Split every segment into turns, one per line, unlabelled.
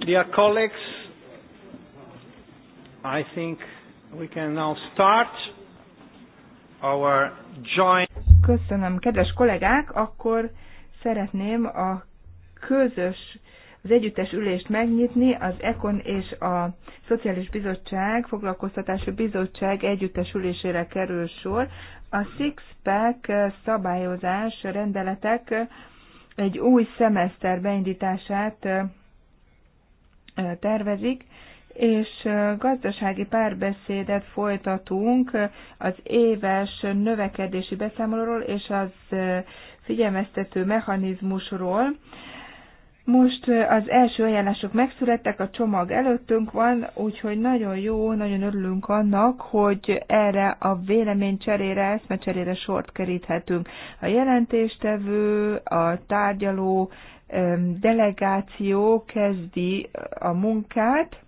Dear colleagues,
I think we can now start
our joint.
Köszönöm, kedves kollégák, akkor szeretném a közös az együttes ülést megnyitni, az EKON és a Szociális Bizottság, Foglalkoztatási Bizottság együttes ülésére kerül sor. A Sixpack szabályozás rendeletek egy új szemeszter beindítását tervezik, és gazdasági párbeszédet folytatunk az éves növekedési beszámolóról és az figyelmeztető mechanizmusról. Most az első ajánlások megszülettek, a csomag előttünk van, úgyhogy nagyon jó, nagyon örülünk annak, hogy erre a véleménycserére, eszmecserére sort keríthetünk. A jelentéstevő, a tárgyaló delegáció kezdi a munkát.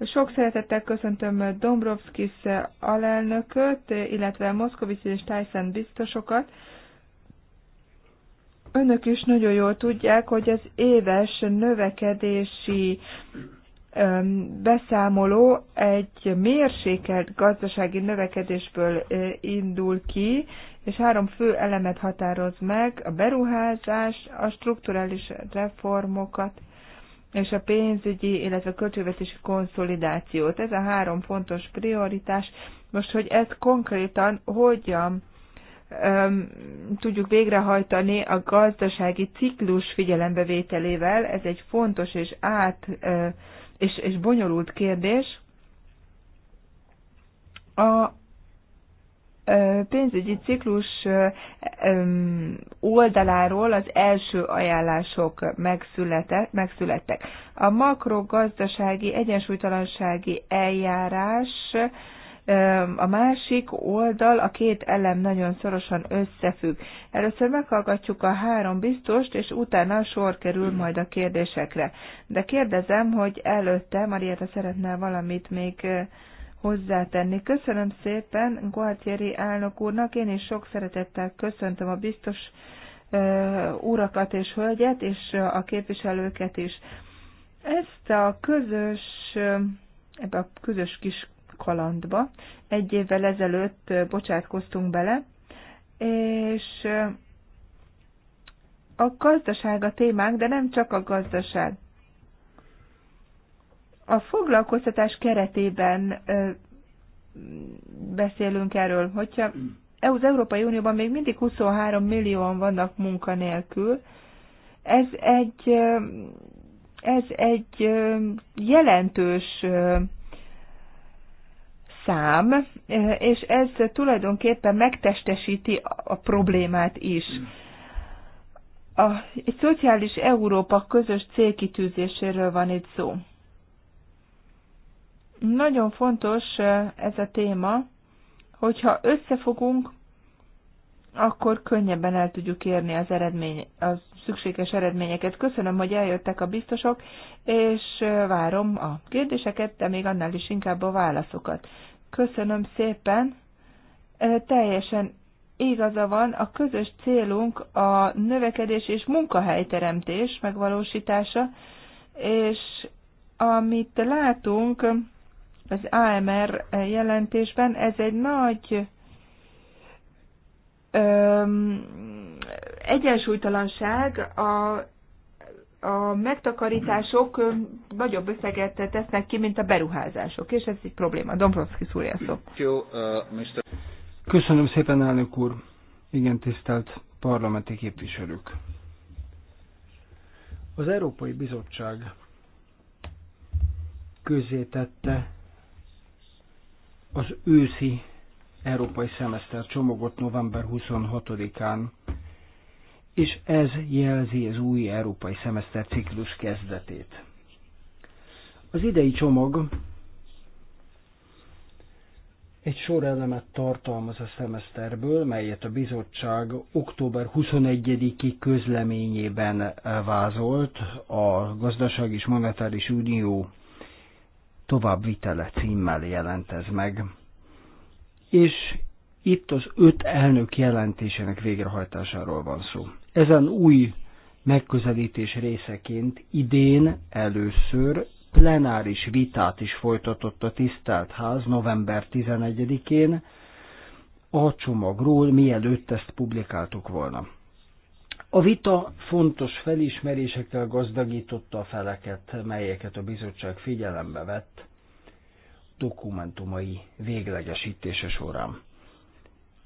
Sok szeretettel köszöntöm Dombrovskis alelnököt, illetve Moszkovics és Tyson biztosokat. Önök is nagyon jól tudják, hogy az éves növekedési beszámoló egy mérsékelt gazdasági növekedésből indul ki, és három fő elemet határoz meg, a beruházás, a strukturális reformokat és a pénzügyi, illetve a költségvetési konszolidációt. Ez a három fontos prioritás. Most, hogy ez konkrétan hogyan öm, tudjuk végrehajtani a gazdasági ciklus figyelembevételével, ez egy fontos és át ö, és, és bonyolult kérdés. A pénzügyi ciklus oldaláról az első ajánlások megszülettek. A makrogazdasági egyensúlytalansági eljárás a másik oldal, a két elem nagyon szorosan összefügg. Először meghallgatjuk a három biztost, és utána sor kerül majd a kérdésekre. De kérdezem, hogy előtte Marietta szeretne valamit még hozzátenni. Köszönöm szépen Gualtieri elnök úrnak, én is sok szeretettel köszöntöm a biztos urakat és hölgyet, és a képviselőket is. Ezt a közös, ebbe a közös kis kalandba egy évvel ezelőtt bocsátkoztunk bele, és a gazdaság a témánk, de nem csak a gazdaság. A foglalkoztatás keretében beszélünk erről, hogyha az Európai Unióban még mindig 23 millióan vannak munkanélkül, ez egy, ez egy jelentős szám, és ez tulajdonképpen megtestesíti a problémát is. A, egy szociális Európa közös célkitűzéséről van itt szó. Nagyon fontos ez a téma, hogyha összefogunk, akkor könnyebben el tudjuk érni az eredmény, az szükséges eredményeket. Köszönöm, hogy eljöttek a biztosok, és várom a kérdéseket, de még annál is inkább a válaszokat. Köszönöm szépen, teljesen igaza van, a közös célunk a növekedés és munkahelyteremtés megvalósítása, és amit látunk, az AMR jelentésben. Ez egy nagy öm, egyensúlytalanság a a megtakarítások nagyobb összeget tesznek ki, mint a beruházások, és ez egy probléma. Dombrovszki szúrja szó.
Uh, Köszönöm szépen, elnök úr. Igen, tisztelt parlamenti képviselők. Az Európai Bizottság közé tette az őszi európai szemeszter csomagot november 26-án, és ez jelzi az új európai szemeszter ciklus kezdetét. Az idei csomag egy sor elemet tartalmaz a szemeszterből, melyet a bizottság október 21-i közleményében vázolt a Gazdaság és Monetáris Unió továbbvitele címmel jelent ez meg. És itt az öt elnök jelentésének végrehajtásáról van szó. Ezen új megközelítés részeként idén először plenáris vitát is folytatott a tisztelt ház november 11-én a csomagról, mielőtt ezt publikáltuk volna. A vita fontos felismerésekkel gazdagította a feleket, melyeket a bizottság figyelembe vett dokumentumai véglegesítése során.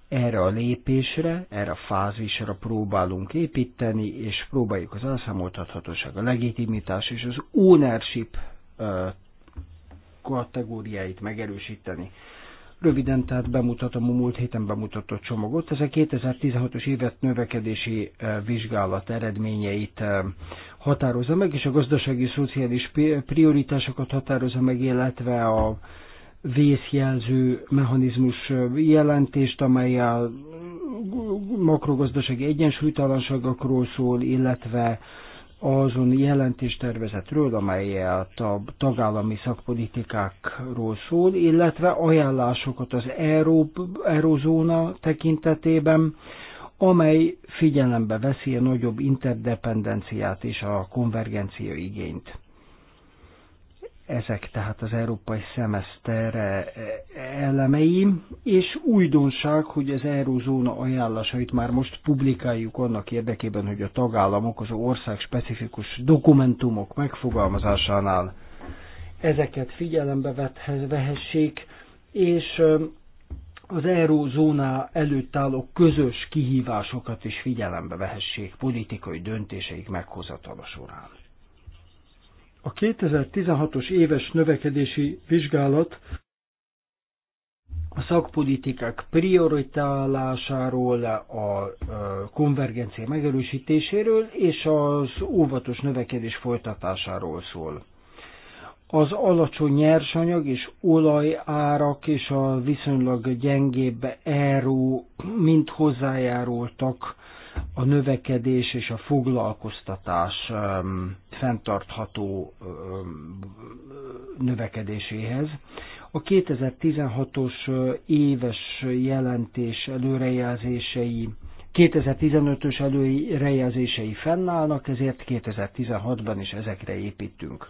Erre a lépésre, erre a fázisra próbálunk építeni, és próbáljuk az elszámoltathatóság, a legitimitás és az ownership kategóriáit megerősíteni Röviden tehát bemutatom a múlt héten bemutatott csomagot. Ez a 2016-os évet növekedési e, vizsgálat eredményeit e, határozza meg, és a gazdasági szociális prioritásokat határozza meg, illetve a vészjelző mechanizmus e, jelentést, amely a makrogazdasági egyensúlytalanságokról szól, illetve azon jelentéstervezetről, amely a tagállami szakpolitikákról szól, illetve ajánlásokat az Euró, tekintetében, amely figyelembe veszi a nagyobb interdependenciát és a konvergencia igényt. Ezek tehát az európai szemeszter eh, elemei, és újdonság, hogy az eurózóna ajánlásait már most publikáljuk annak érdekében, hogy a tagállamok az ország specifikus dokumentumok megfogalmazásánál ezeket figyelembe vehessék, és eh, az eurózóná előtt álló közös kihívásokat is figyelembe vehessék politikai döntéseik meghozatala során. A 2016-os éves növekedési vizsgálat a szakpolitikák prioritálásáról, a konvergencia megerősítéséről és az óvatos növekedés folytatásáról szól. Az alacsony nyersanyag és olajárak és a viszonylag gyengébb euró mind hozzájárultak a növekedés és a foglalkoztatás um, fenntartható um, növekedéséhez. A 2016-os uh, éves jelentés előrejelzései 2015-ös előrejelzései fennállnak, ezért 2016-ban is ezekre építünk.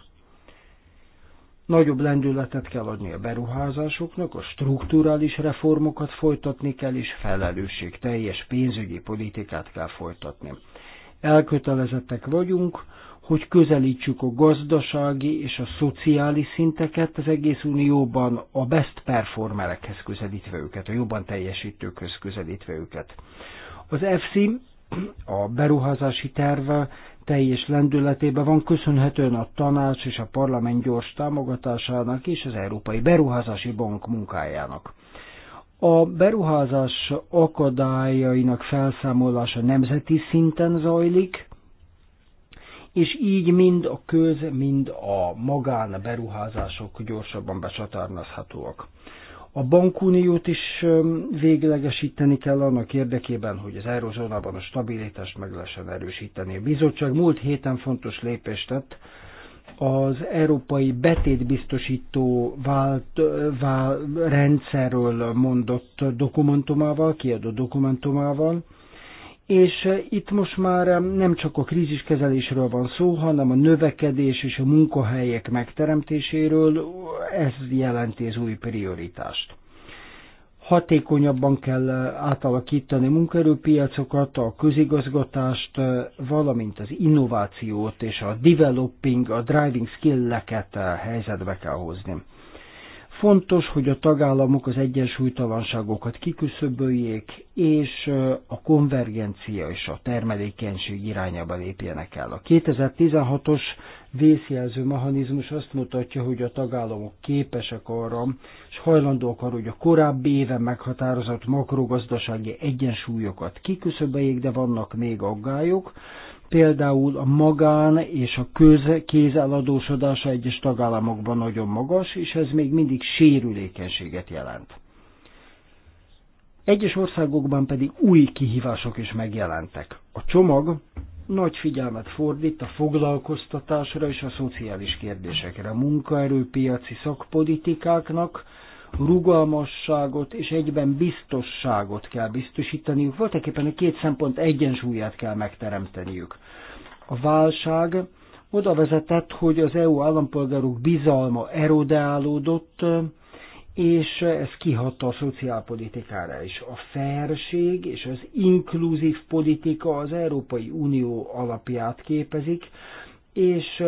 Nagyobb lendületet kell adni a beruházásoknak, a strukturális reformokat folytatni kell, és felelősség teljes pénzügyi politikát kell folytatni. Elkötelezettek vagyunk, hogy közelítsük a gazdasági és a szociális szinteket az egész unióban a best performerekhez közelítve őket, a jobban teljesítőkhöz közelítve őket. Az EFSI, a beruházási terve teljes lendületében van, köszönhetően a tanács és a parlament gyors támogatásának és az Európai Beruházási Bank munkájának. A beruházás akadályainak felszámolása nemzeti szinten zajlik, és így mind a köz, mind a magán beruházások gyorsabban becsatárnázhatóak. A bankuniót is véglegesíteni kell annak érdekében, hogy az eurozónában a stabilitást meg lehessen erősíteni. A bizottság múlt héten fontos lépést tett, az európai betétbiztosító vált, vált, rendszerről mondott dokumentumával, kiadott dokumentumával, és eh, itt most már eh, nem csak a kríziskezelésről van szó, hanem a növekedés és a munkahelyek megteremtéséről, ez jelenti az új prioritást. Hatékonyabban kell eh, átalakítani munkaerőpiacokat, a közigazgatást, valamint az innovációt és a developing, a driving skill eket helyzetbe kell hozni. Fontos, hogy a tagállamok az egyensúlytalanságokat kiküszöböljék, és a konvergencia és a termelékenység irányába lépjenek el. A 2016-os vészjelző mechanizmus azt mutatja, hogy a tagállamok képesek arra, és hajlandók arra, hogy a korábbi éven meghatározott makrogazdasági egyensúlyokat kiküszöböljék, de vannak még aggályok, Például a magán és a köz kézeladósodása egyes tagállamokban nagyon magas, és ez még mindig sérülékenységet jelent. Egyes országokban pedig új kihívások is megjelentek. A csomag nagy figyelmet fordít a foglalkoztatásra és a szociális kérdésekre, a munkaerőpiaci szakpolitikáknak, rugalmasságot és egyben biztosságot kell biztosítaniuk. Voltak éppen a két szempont egyensúlyát kell megteremteniük. A válság oda vezetett, hogy az EU állampolgárok bizalma erodálódott, és ez kihat a szociálpolitikára is. A felség és az inkluzív politika az Európai Unió alapját képezik, és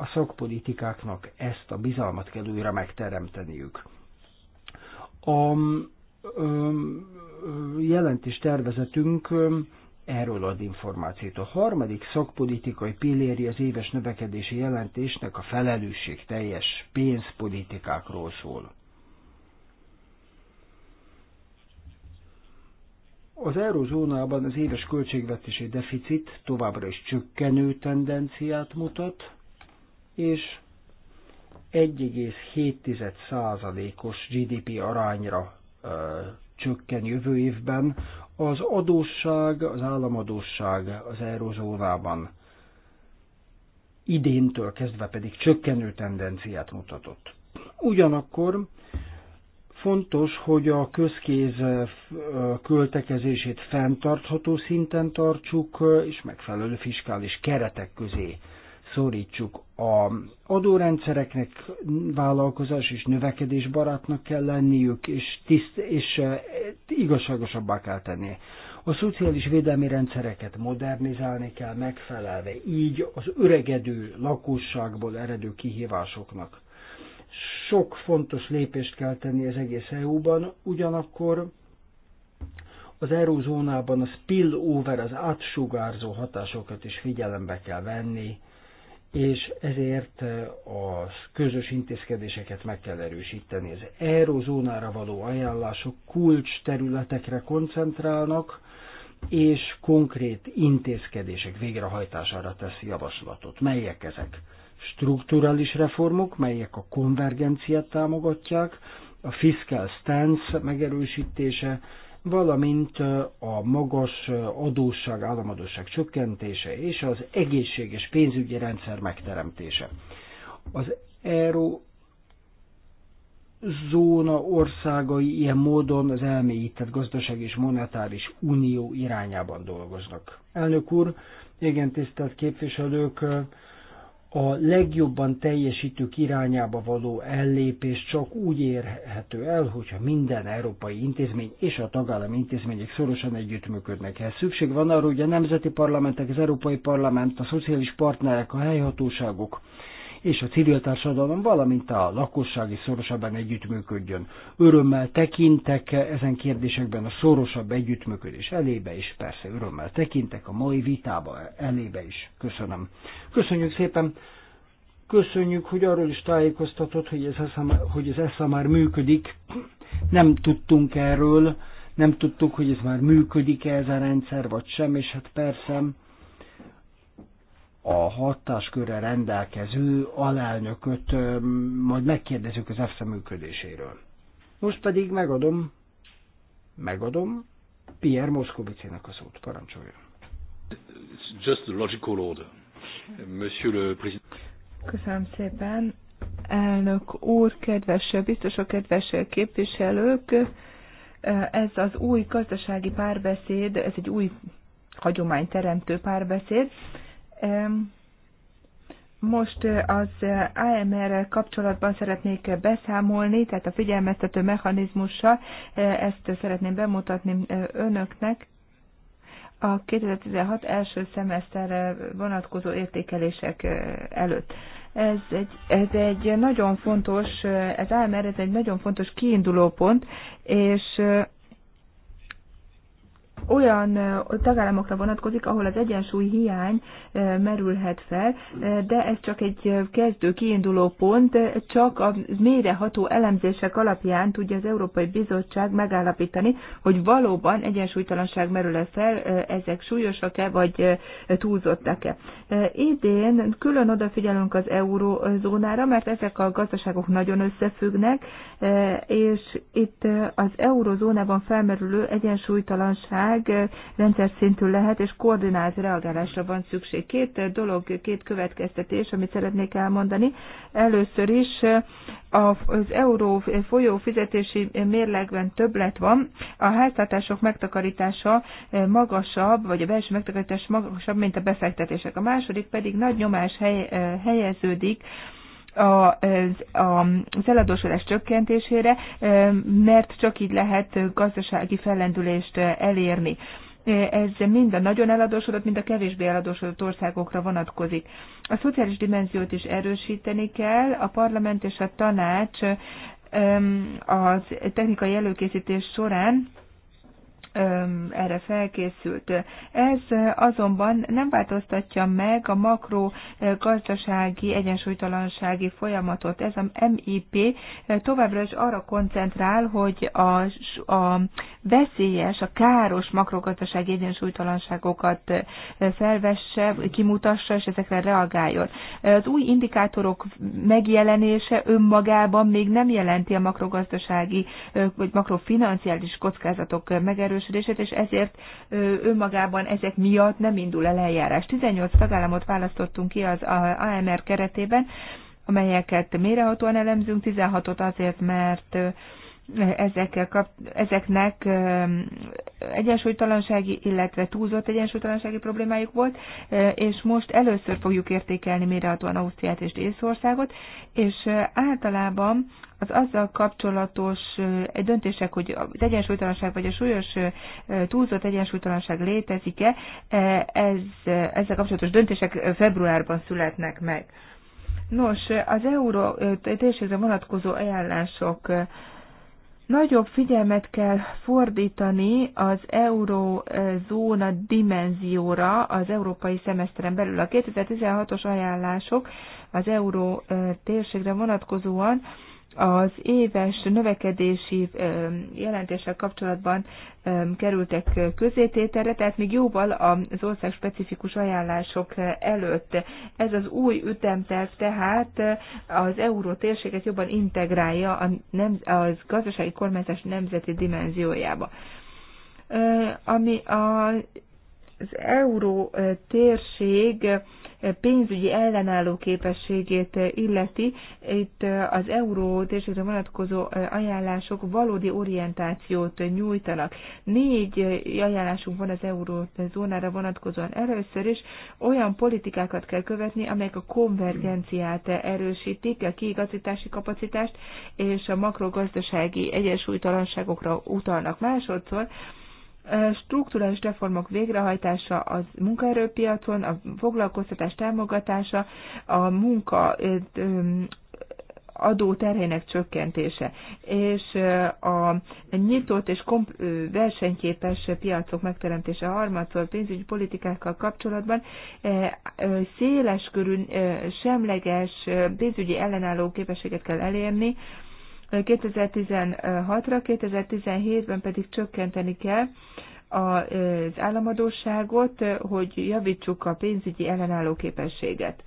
a szakpolitikáknak ezt a bizalmat kell újra megteremteniük. A jelentés tervezetünk erről ad információt. A harmadik szakpolitikai pilléri az éves növekedési jelentésnek a felelősség teljes pénzpolitikákról szól. Az eurozónában az éves költségvetési deficit továbbra is csökkenő tendenciát mutat, és 1,7%-os GDP arányra ö, csökken jövő évben. Az adósság, az államadósság az eurozónában idéntől kezdve pedig csökkenő tendenciát mutatott. Ugyanakkor fontos, hogy a közkéz költekezését fenntartható szinten tartsuk, és megfelelő fiskális keretek közé szorítsuk. A adórendszereknek vállalkozás és növekedés barátnak kell lenniük, és, tiszt, és e, igazságosabbá kell tenni. A szociális védelmi rendszereket modernizálni kell megfelelve, így az öregedő lakosságból eredő kihívásoknak. Sok fontos lépést kell tenni az egész EU-ban, ugyanakkor az eurózónában a spillover, az átsugárzó hatásokat is figyelembe kell venni, és ezért a közös intézkedéseket meg kell erősíteni. Az eurozónára való ajánlások kulcs területekre koncentrálnak, és konkrét intézkedések végrehajtására tesz javaslatot. Melyek ezek? Strukturális reformok, melyek a konvergenciát támogatják, a fiscal stance megerősítése, valamint a magas adósság, államadóság csökkentése és az egészséges pénzügyi rendszer megteremtése. Az euró zóna országai ilyen módon az elmélyített gazdaság és monetáris unió irányában dolgoznak. Elnök úr, igen, tisztelt képviselők, a legjobban teljesítők irányába való ellépés csak úgy érhető el, hogyha minden európai intézmény és a tagállami intézmények szorosan együttműködnek. Ehhez szükség van arra, hogy a nemzeti parlamentek, az európai parlament, a szociális partnerek, a helyhatóságok, és a civil társadalom, valamint a lakosság is szorosabban együttműködjön. Örömmel tekintek ezen kérdésekben a szorosabb együttműködés elébe, és persze örömmel tekintek a mai vitába elébe is. Köszönöm. Köszönjük szépen! Köszönjük, hogy arról is tájékoztatott, hogy ez ESZA, hogy ez ESZA már működik. Nem tudtunk erről, nem tudtuk, hogy ez már működik-e ez a rendszer, vagy sem, és hát persze a hatáskörre rendelkező alelnököt majd megkérdezzük az EFSA működéséről. Most pedig megadom, megadom Pierre Moszkovicének a szót, parancsolja.
Just the logical order. Monsieur le Président. Köszönöm szépen. Elnök úr, kedves biztosok, kedves képviselők, ez az új gazdasági párbeszéd, ez egy új hagyományteremtő párbeszéd, most az amr kapcsolatban szeretnék beszámolni, tehát a figyelmeztető mechanizmussal, ezt szeretném bemutatni önöknek. A 2016 első szemeszterre vonatkozó értékelések előtt. Ez egy, ez egy nagyon fontos, ez AMR, ez egy nagyon fontos kiinduló pont, és olyan tagállamokra vonatkozik, ahol az egyensúly hiány merülhet fel, de ez csak egy kezdő kiinduló pont, csak a méreható elemzések alapján tudja az Európai Bizottság megállapítani, hogy valóban egyensúlytalanság merül-e fel, ezek súlyosak-e, vagy túlzottak-e. Idén külön odafigyelünk az eurózónára, mert ezek a gazdaságok nagyon összefüggnek, és itt az eurozónában felmerülő egyensúlytalanság bizottság rendszer szintű lehet, és koordinált reagálásra van szükség. Két dolog, két következtetés, amit szeretnék elmondani. Először is az euró folyó fizetési mérlegben többlet van. A háztartások megtakarítása magasabb, vagy a belső megtakarítás magasabb, mint a befektetések. A második pedig nagy nyomás hely, helyeződik a az eladósodás csökkentésére, mert csak így lehet gazdasági fellendülést elérni. Ez mind a nagyon eladósodott, mind a kevésbé eladósodott országokra vonatkozik. A szociális dimenziót is erősíteni kell, a parlament és a tanács az technikai előkészítés során erre felkészült. Ez azonban nem változtatja meg a makro gazdasági egyensúlytalansági folyamatot. Ez a MIP továbbra is arra koncentrál, hogy a, a veszélyes, a káros makrogazdasági egyensúlytalanságokat felvesse, kimutassa és ezekre reagáljon. Az új indikátorok megjelenése önmagában még nem jelenti a makrogazdasági vagy makrofinanciális kockázatok megerősítését, megerősödését, és ezért önmagában ezek miatt nem indul el eljárás. 18 tagállamot választottunk ki az AMR keretében, amelyeket mérehatóan elemzünk, 16-ot azért, mert ezekkel kap, ezeknek egyensúlytalansági, illetve túlzott egyensúlytalansági problémájuk volt, és most először fogjuk értékelni mérehatóan Ausztriát és Észországot, és általában az azzal kapcsolatos döntések, hogy az egyensúlytalanság vagy a súlyos túlzott egyensúlytalanság létezik-e, ez, ezzel kapcsolatos döntések februárban születnek meg. Nos, az euró térségre vonatkozó ajánlások Nagyobb figyelmet kell fordítani az eurózóna dimenzióra az európai szemeszteren belül. A 2016-os ajánlások az euró térségre vonatkozóan az éves növekedési jelentéssel kapcsolatban kerültek közététerre, tehát még jóval az ország specifikus ajánlások előtt. Ez az új ütemterv tehát az euró térséget jobban integrálja a nem, az gazdasági kormányzás nemzeti dimenziójába. Ami a az euró térség pénzügyi ellenálló képességét illeti, itt az euró térségre vonatkozó ajánlások valódi orientációt nyújtanak. Négy ajánlásunk van az eurózónára vonatkozóan. Először is olyan politikákat kell követni, amelyek a konvergenciát erősítik, a kiigazítási kapacitást és a makrogazdasági egyensúlytalanságokra utalnak. Másodszor strukturális reformok végrehajtása az munkaerőpiacon, a foglalkoztatás támogatása, a munka adó terhének csökkentése, és a nyitott és komp- versenyképes piacok megteremtése a harmadszor pénzügyi politikákkal kapcsolatban széles körű, semleges pénzügyi ellenálló képességet kell elérni, 2016-ra, 2017-ben pedig csökkenteni kell az államadóságot, hogy javítsuk a pénzügyi ellenálló képességet,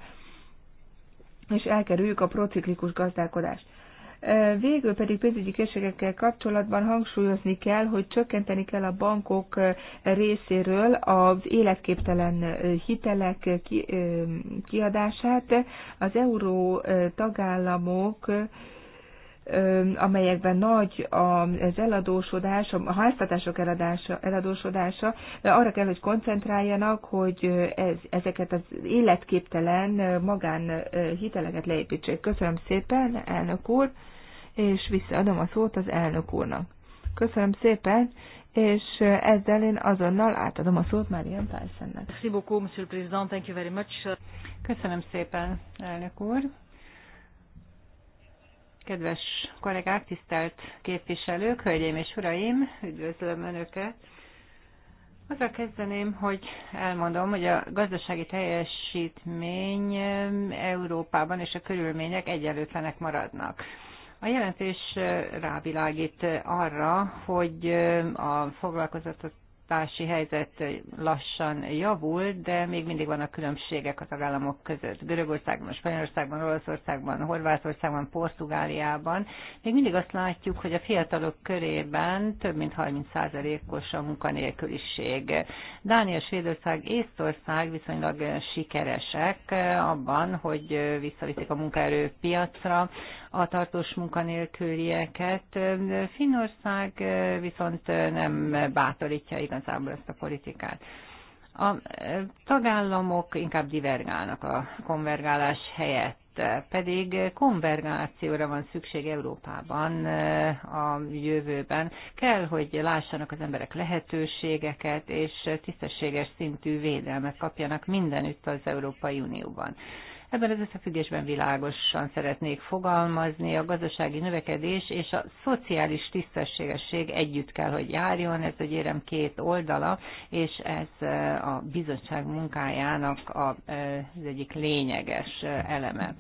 és elkerüljük a prociklikus gazdálkodást. Végül pedig pénzügyi készségekkel kapcsolatban hangsúlyozni kell, hogy csökkenteni kell a bankok részéről az életképtelen hitelek kiadását. Az euró tagállamok amelyekben nagy az eladósodás, a háztatások eladása, eladósodása, arra kell, hogy koncentráljanak, hogy ez, ezeket az életképtelen magán hiteleket leépítsék. Köszönöm szépen, elnök úr, és visszaadom a szót az elnök úrnak. Köszönöm szépen, és ezzel én azonnal átadom a szót Marian Pálszennek.
Köszönöm szépen, elnök úr. Kedves kollégák, tisztelt képviselők, hölgyeim és uraim, üdvözlöm Önöket. Azzal kezdeném, hogy elmondom, hogy a gazdasági teljesítmény Európában és a körülmények egyenlőtlenek maradnak. A jelentés rávilágít arra, hogy a foglalkoztatott fogyasztási helyzet lassan javul, de még mindig vannak különbségek a tagállamok között. Görögországban, Spanyolországban, Olaszországban, Horvátországban, Portugáliában. Még mindig azt látjuk, hogy a fiatalok körében több mint 30%-os a munkanélküliség. Dánia, Svédország, Észtország viszonylag sikeresek abban, hogy visszaviszik a munkaerőpiacra a tartós munkanélkülieket. Finnország viszont nem bátorítja igazából ezt a politikát. A tagállamok inkább divergálnak a konvergálás helyett pedig konvergációra van szükség Európában a jövőben. Kell, hogy lássanak az emberek lehetőségeket, és tisztességes szintű védelmet kapjanak mindenütt az Európai Unióban. Ebben az összefüggésben világosan szeretnék fogalmazni, a gazdasági növekedés és a szociális tisztességesség együtt kell, hogy járjon, ez egy érem két oldala, és ez a bizottság munkájának az egyik lényeges eleme.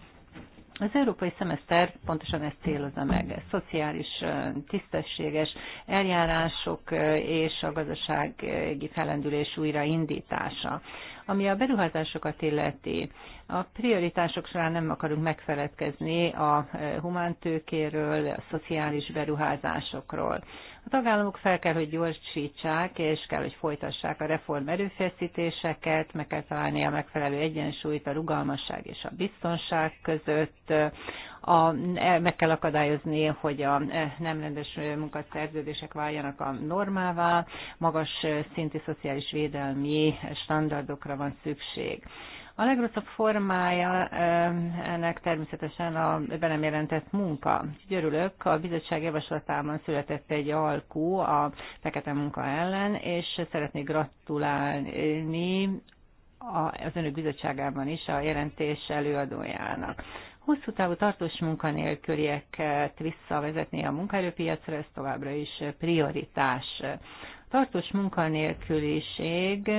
Az európai szemeszter pontosan ezt célozza meg, szociális, tisztességes eljárások és a gazdasági felendülés újraindítása. Ami a beruházásokat illeti, a prioritások során nem akarunk megfeledkezni a eh, humántőkéről, a szociális beruházásokról. A tagállamok fel kell, hogy gyorsítsák, és kell, hogy folytassák a reform erőfeszítéseket, meg kell találni a megfelelő egyensúlyt a rugalmasság és a biztonság között, a, meg kell akadályozni, hogy a nem rendes munkaszerződések váljanak a normává, magas szintű szociális védelmi standardokra van szükség. A legrosszabb formája ennek természetesen a be nem jelentett munka. Györülök, a bizottság javaslatában született egy alkú a fekete munka ellen, és szeretnék gratulálni az önök bizottságában is a jelentés előadójának hosszú távú tartós munkanélkülieket visszavezetni a munkaerőpiacra, ez továbbra is prioritás tartós munkanélküliség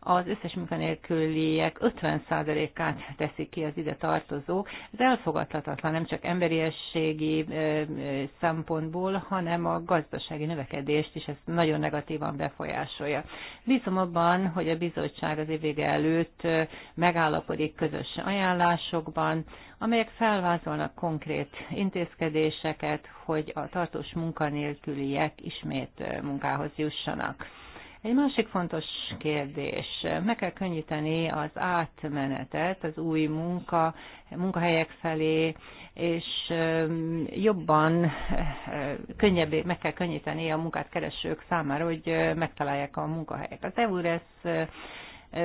az összes munkanélküliek 50%-át teszik ki az ide tartozók. Ez elfogadhatatlan nem csak emberiességi szempontból, hanem a gazdasági növekedést is ez nagyon negatívan befolyásolja. Bízom abban, hogy a bizottság az évvége előtt megállapodik közös ajánlásokban, amelyek felvázolnak konkrét intézkedéseket, hogy a tartós munkanélküliek ismét munkához jussanak. Egy másik fontos kérdés. Meg kell könnyíteni az átmenetet az új munka, munkahelyek felé, és jobban, könnyebbé meg kell könnyíteni a munkát keresők számára, hogy megtalálják a munkahelyek. Az EURES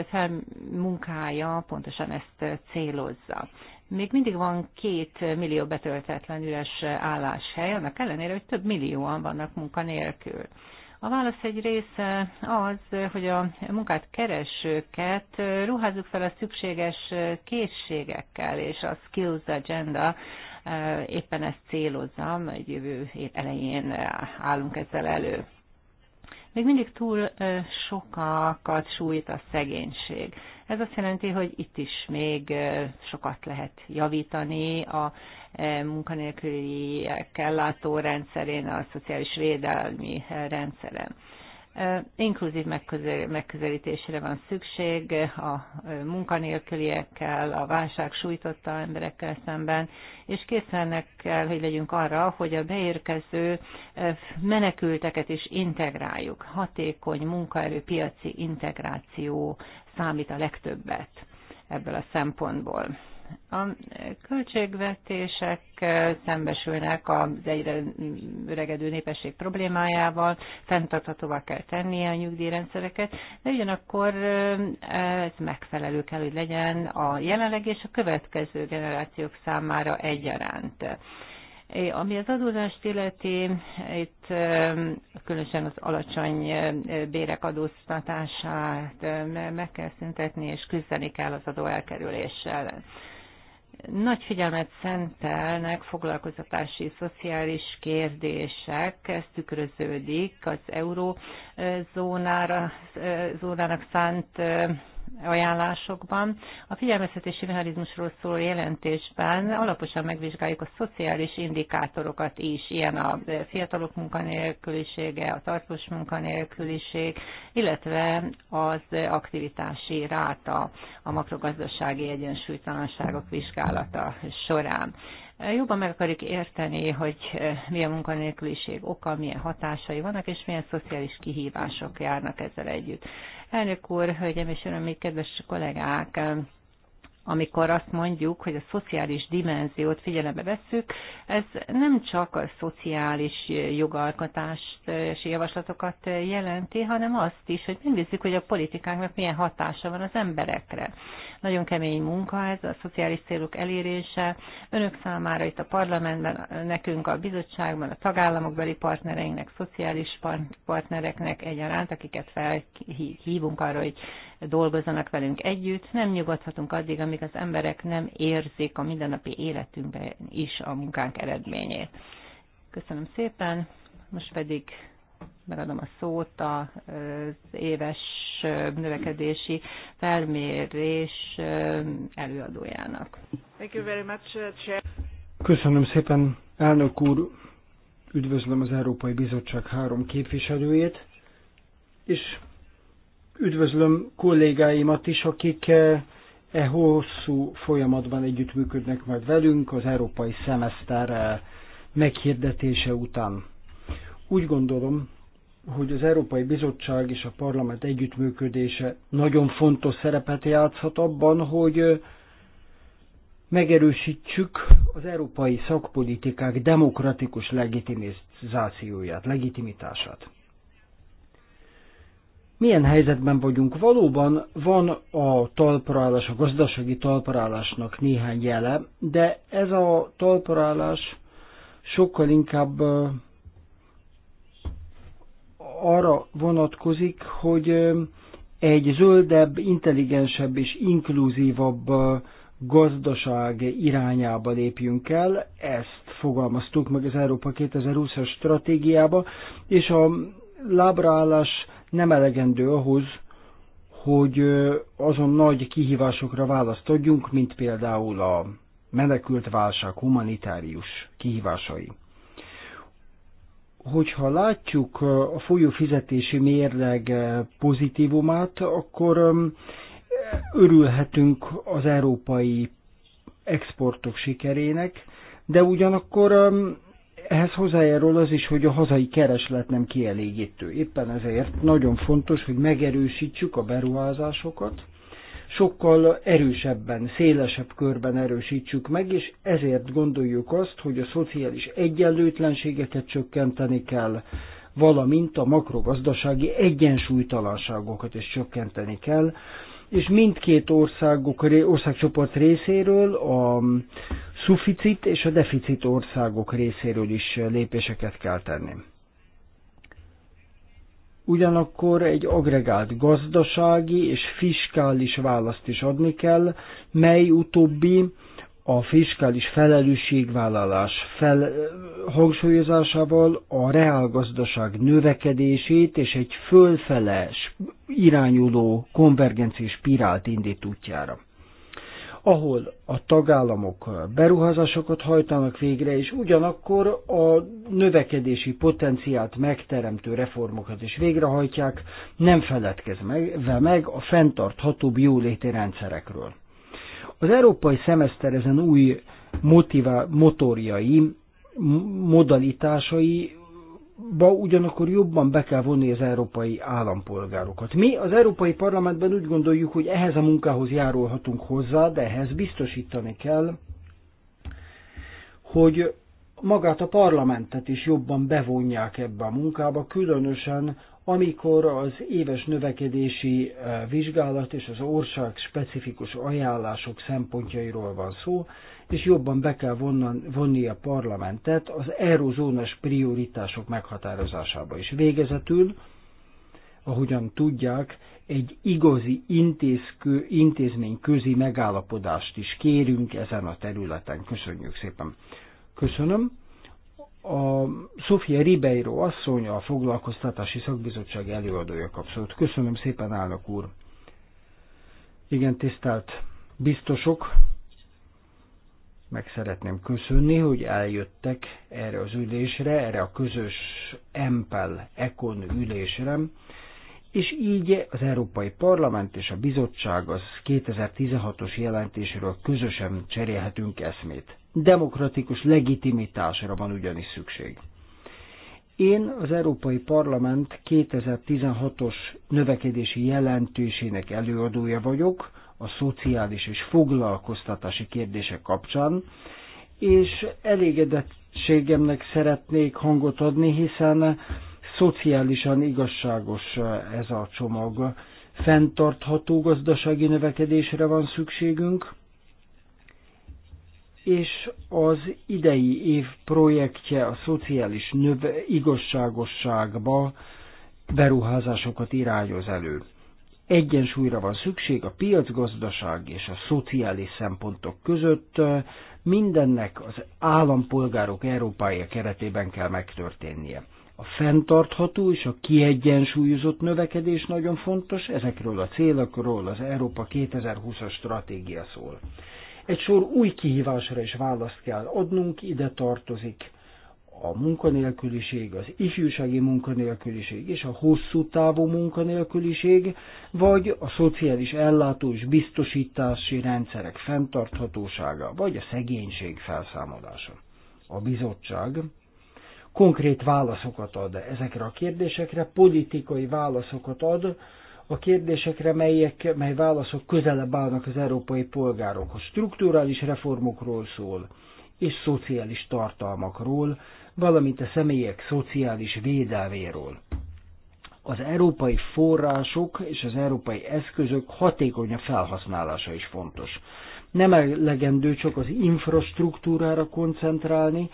felmunkája pontosan ezt célozza. Még mindig van két millió betöltetlen üres álláshely, annak ellenére, hogy több millióan vannak munkanélkül. A válasz egy része az, hogy a munkát keresőket ruházzuk fel a szükséges készségekkel, és a Skills Agenda e, éppen ezt célozza, egy jövő év elején állunk ezzel elő. Még mindig túl e, sokakat sújt a szegénység. Ez azt jelenti, hogy itt is még sokat lehet javítani a munkanélküliek ellátó rendszerén, a szociális védelmi rendszeren. Inkluzív megközelítésre van szükség a munkanélküliekkel, a válság sújtotta emberekkel szemben, és készennek kell, hogy legyünk arra, hogy a beérkező menekülteket is integráljuk. Hatékony munkaerőpiaci integráció számít a legtöbbet ebből a szempontból. A költségvetések szembesülnek az egyre öregedő népesség problémájával, fenntarthatóvá kell tenni a nyugdíjrendszereket, de ugyanakkor ez megfelelő kell, hogy legyen a jelenleg és a következő generációk számára egyaránt. Ami az adózást illeti, itt különösen az alacsony bérek adóztatását meg kell szüntetni, és küzdeni kell az adóelkerüléssel nagy figyelmet szentelnek foglalkoztatási, szociális kérdések, ez tükröződik az eurózónára eh, eh, zónának szánt eh, ajánlásokban. A figyelmeztetési mechanizmusról szóló jelentésben alaposan megvizsgáljuk a szociális indikátorokat is, ilyen a fiatalok munkanélkülisége, a tartós munkanélküliség, illetve az aktivitási ráta a makrogazdasági egyensúlytalanságok vizsgálata során jobban meg akarjuk érteni, hogy eh, milyen munkanélküliség oka, milyen hatásai vannak, és milyen szociális kihívások járnak ezzel együtt. Elnök úr, hölgyem és uram, még kedves kollégák, eh, amikor azt mondjuk, hogy a szociális dimenziót figyelembe vesszük, ez nem csak a szociális jogalkotási javaslatokat jelenti, hanem azt is, hogy megnézzük, hogy a politikánknak milyen hatása van az emberekre. Nagyon kemény munka ez, a szociális célok elérése. Önök számára itt a parlamentben, nekünk a bizottságban, a tagállamokbeli partnereinknek, szociális partnereknek egyaránt, akiket felhívunk arra, hogy dolgozzanak velünk együtt. Nem nyugodhatunk addig, amíg az emberek nem érzik a mindennapi életünkben is a munkánk eredményét. Köszönöm szépen, most pedig megadom a szót az éves növekedési felmérés előadójának. Thank you very much, uh, Chair.
Köszönöm szépen, elnök úr, üdvözlöm az Európai Bizottság három képviselőjét, és Üdvözlöm kollégáimat is, akik eh, e hosszú folyamatban együttműködnek majd velünk az európai szemeszter eh, meghirdetése után. Úgy gondolom, hogy az Európai Bizottság és a Parlament együttműködése nagyon fontos szerepet játszhat abban, hogy eh, megerősítsük az európai szakpolitikák demokratikus legitimizációját, legitimitását milyen helyzetben vagyunk. Valóban van a talparálás, a gazdasági talparálásnak néhány jele, de ez a talparálás sokkal inkább arra vonatkozik, hogy egy zöldebb, intelligensebb és inkluzívabb gazdaság irányába lépjünk el, ezt fogalmaztuk meg az Európa 2020-as stratégiába, és a lábraállás nem elegendő ahhoz, hogy azon nagy kihívásokra választ adjunk, mint például a menekült válság humanitárius kihívásai. Hogyha látjuk a folyó fizetési mérleg pozitívumát, akkor örülhetünk az európai exportok sikerének, de ugyanakkor ehhez hozzájárul az is, hogy a hazai kereslet nem kielégítő. Éppen ezért nagyon fontos, hogy megerősítsük a beruházásokat, sokkal erősebben, szélesebb körben erősítsük meg, és ezért gondoljuk azt, hogy a szociális egyenlőtlenségeket csökkenteni kell, valamint a makrogazdasági egyensúlytalanságokat is csökkenteni kell, és mindkét országok, országcsoport részéről a szuficit és a deficit országok részéről is lépéseket kell tenni. Ugyanakkor egy agregált gazdasági és fiskális választ is adni kell, mely utóbbi a fiskális felelősségvállalás fel, hangsúlyozásával a reálgazdaság növekedését és egy fölfele irányuló konvergenciós spirált indít útjára ahol a tagállamok beruházásokat hajtanak végre, és ugyanakkor a növekedési potenciált megteremtő reformokat is végrehajtják, nem feledkezve meg a fenntarthatóbb jóléti rendszerekről. Az európai szemeszter ezen új motivá, motorjai, modalitásai ba ugyanakkor jobban be kell vonni az európai állampolgárokat. Mi az Európai Parlamentben úgy gondoljuk, hogy ehhez a munkához járulhatunk hozzá, de ehhez biztosítani kell, hogy magát a parlamentet is jobban bevonják ebbe a munkába, különösen amikor az éves növekedési eh, vizsgálat és az ország specifikus ajánlások szempontjairól van szó, és jobban be kell vonni a parlamentet az eurozónás prioritások meghatározásába is. Végezetül, ahogyan tudják, egy igazi intézkő, intézmény közi megállapodást is kérünk ezen a területen. Köszönjük szépen. Köszönöm a Sofia Ribeiro asszony, a Foglalkoztatási Szakbizottság előadója kapcsolat. Köszönöm szépen, állnak úr! Igen, tisztelt biztosok, meg szeretném köszönni, hogy eljöttek erre az ülésre, erre a közös Empel Econ ülésre, és így az Európai Parlament és a Bizottság az 2016-os jelentésről közösen cserélhetünk eszmét demokratikus legitimitásra van ugyanis szükség. Én az Európai Parlament 2016-os növekedési jelentősének előadója vagyok a szociális és foglalkoztatási kérdések kapcsán, és elégedettségemnek szeretnék hangot adni, hiszen szociálisan igazságos ez a csomag. Fenntartható gazdasági növekedésre van szükségünk, és az idei év projektje a szociális növe, igazságosságba beruházásokat irányoz elő. Egyensúlyra van szükség a piacgazdaság és a szociális szempontok között, mindennek az állampolgárok Európája keretében kell megtörténnie. A fenntartható és a kiegyensúlyozott növekedés nagyon fontos, ezekről a célokról az Európa 2020-as stratégia szól egy sor új kihívásra is választ kell adnunk, ide tartozik a munkanélküliség, az ifjúsági munkanélküliség és a hosszú távú munkanélküliség, vagy a szociális ellátó és biztosítási rendszerek fenntarthatósága, vagy a szegénység felszámolása. A bizottság konkrét válaszokat ad ezekre a kérdésekre, politikai válaszokat ad, a kérdésekre, melyek, mely válaszok közelebb állnak az európai polgárokhoz. Strukturális reformokról szól, és szociális tartalmakról, valamint a személyek szociális védelméről. Az európai források és az európai eszközök hatékony felhasználása is fontos. Nem elegendő csak az infrastruktúrára koncentrálni,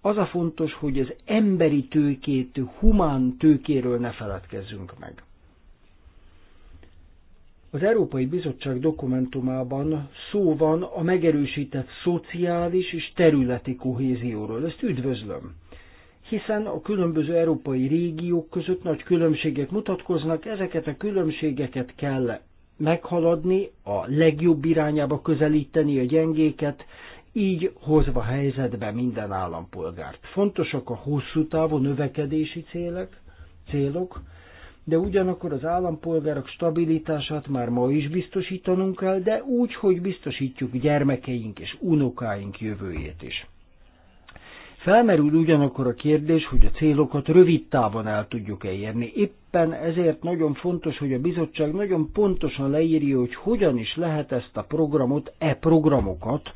az a fontos, hogy az emberi tőkét, humán tőkéről ne feledkezzünk meg. Az Európai Bizottság dokumentumában szó van a megerősített szociális és területi kohézióról. Ezt üdvözlöm hiszen a különböző európai régiók között nagy különbségek mutatkoznak, ezeket a különbségeket kell meghaladni, a legjobb irányába közelíteni a gyengéket, így hozva helyzetbe minden állampolgárt. Fontosak a hosszú távú növekedési célek, célok, de ugyanakkor az állampolgárok stabilitását már ma is biztosítanunk kell, de úgy, hogy biztosítjuk gyermekeink és unokáink jövőjét is. Felmerül ugyanakkor a kérdés, hogy a célokat rövid távon el tudjuk elérni. Éppen ezért nagyon fontos, hogy a bizottság nagyon pontosan leírja, hogy hogyan is lehet ezt a programot, e programokat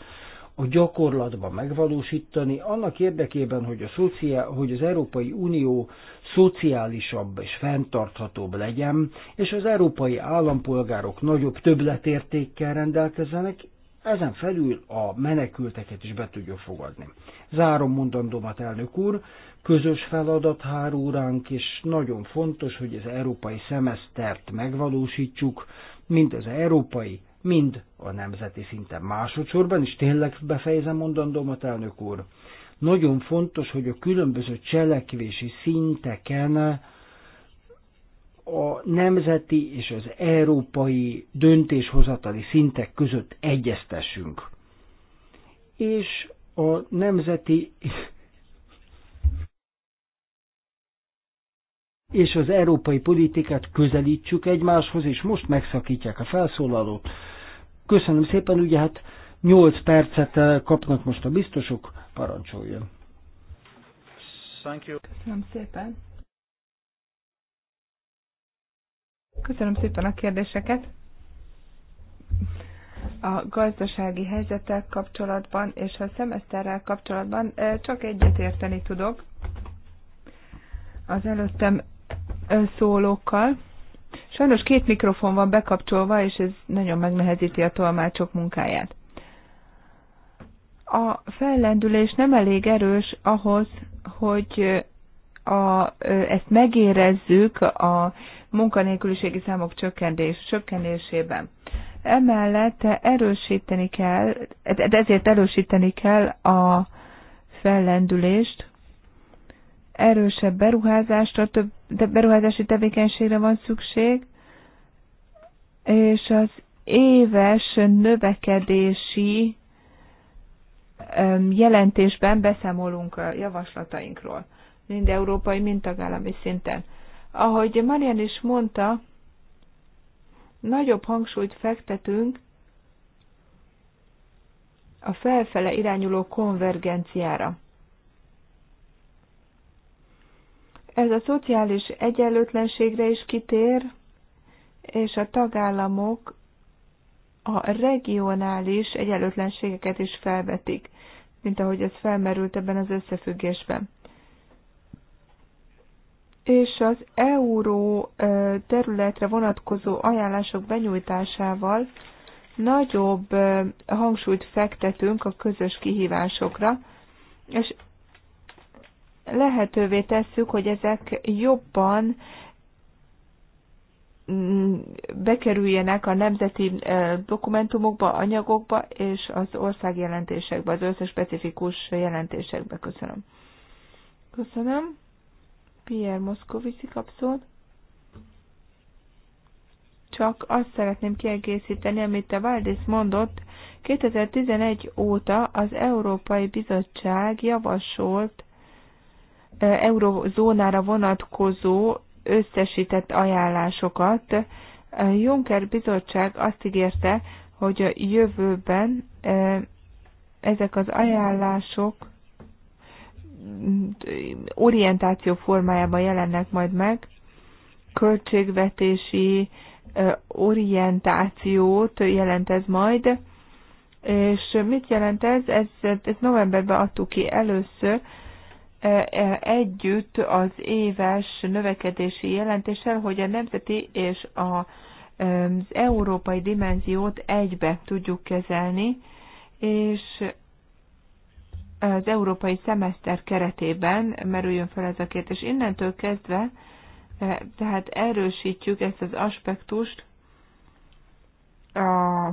a gyakorlatban megvalósítani, annak érdekében, hogy, a szociál, hogy az Európai Unió szociálisabb és fenntarthatóbb legyen, és az európai állampolgárok nagyobb többletértékkel rendelkezzenek, ezen felül a menekülteket is be tudja fogadni. Zárom mondandómat, elnök úr, közös feladat háróránk, és nagyon fontos, hogy az európai szemesztert megvalósítsuk, mind az európai, mind a nemzeti szinten másodszorban, és tényleg befejezem mondandómat, elnök úr, nagyon fontos, hogy a különböző cselekvési szinteken a nemzeti és az európai döntéshozatali szintek között egyeztessünk. És a nemzeti és az európai politikát közelítsük egymáshoz, és most megszakítják a felszólalót. Köszönöm szépen, ugye hát 8 percet kapnak most a biztosok, Parancsoljon.
Thank you. Köszönöm szépen. Köszönöm szépen a kérdéseket a gazdasági helyzetek kapcsolatban és a szemeszterrel kapcsolatban csak egyet érteni tudok az előttem szólókkal. Sajnos két mikrofon van bekapcsolva, és ez nagyon megnehezíti a tolmácsok munkáját a fellendülés nem elég erős ahhoz, hogy a, ezt megérezzük a munkanélküliségi számok csökkentés, csökkenésében. Emellett erősíteni kell, ezért erősíteni kell a fellendülést, erősebb beruházásra, több beruházási tevékenységre van szükség, és az éves növekedési jelentésben beszámolunk a javaslatainkról, mind európai, mind tagállami szinten. Ahogy Marian is mondta, nagyobb hangsúlyt fektetünk a felfele irányuló konvergenciára. Ez a szociális egyenlőtlenségre is kitér, és a tagállamok a regionális egyenlőtlenségeket is felvetik mint ahogy ez felmerült ebben az összefüggésben. És az euró területre vonatkozó ajánlások benyújtásával nagyobb hangsúlyt fektetünk a közös kihívásokra, és lehetővé tesszük, hogy ezek jobban Mm, bekerüljenek a nemzeti dokumentumokba, anyagokba és az országjelentésekbe, az összes specifikus jelentésekbe. Köszönöm. Köszönöm. Pierre Moszkovici kapszót. Csak azt szeretném kiegészíteni, amit a Valdis mondott. 2011 óta az Európai Bizottság javasolt eurozónára vonatkozó összesített ajánlásokat. A Juncker bizottság azt ígérte, hogy a jövőben e, ezek az ajánlások orientáció formájában jelennek majd meg, költségvetési e, orientációt jelent ez majd, és mit jelent ez? Ez, ez novemberben adtuk ki először, E, e, együtt az éves növekedési jelentéssel, hogy a nemzeti és a, az európai dimenziót egybe tudjuk kezelni, és az európai szemeszter keretében merüljön fel ez a kérdés. Innentől kezdve, e, tehát erősítjük ezt az aspektust, a,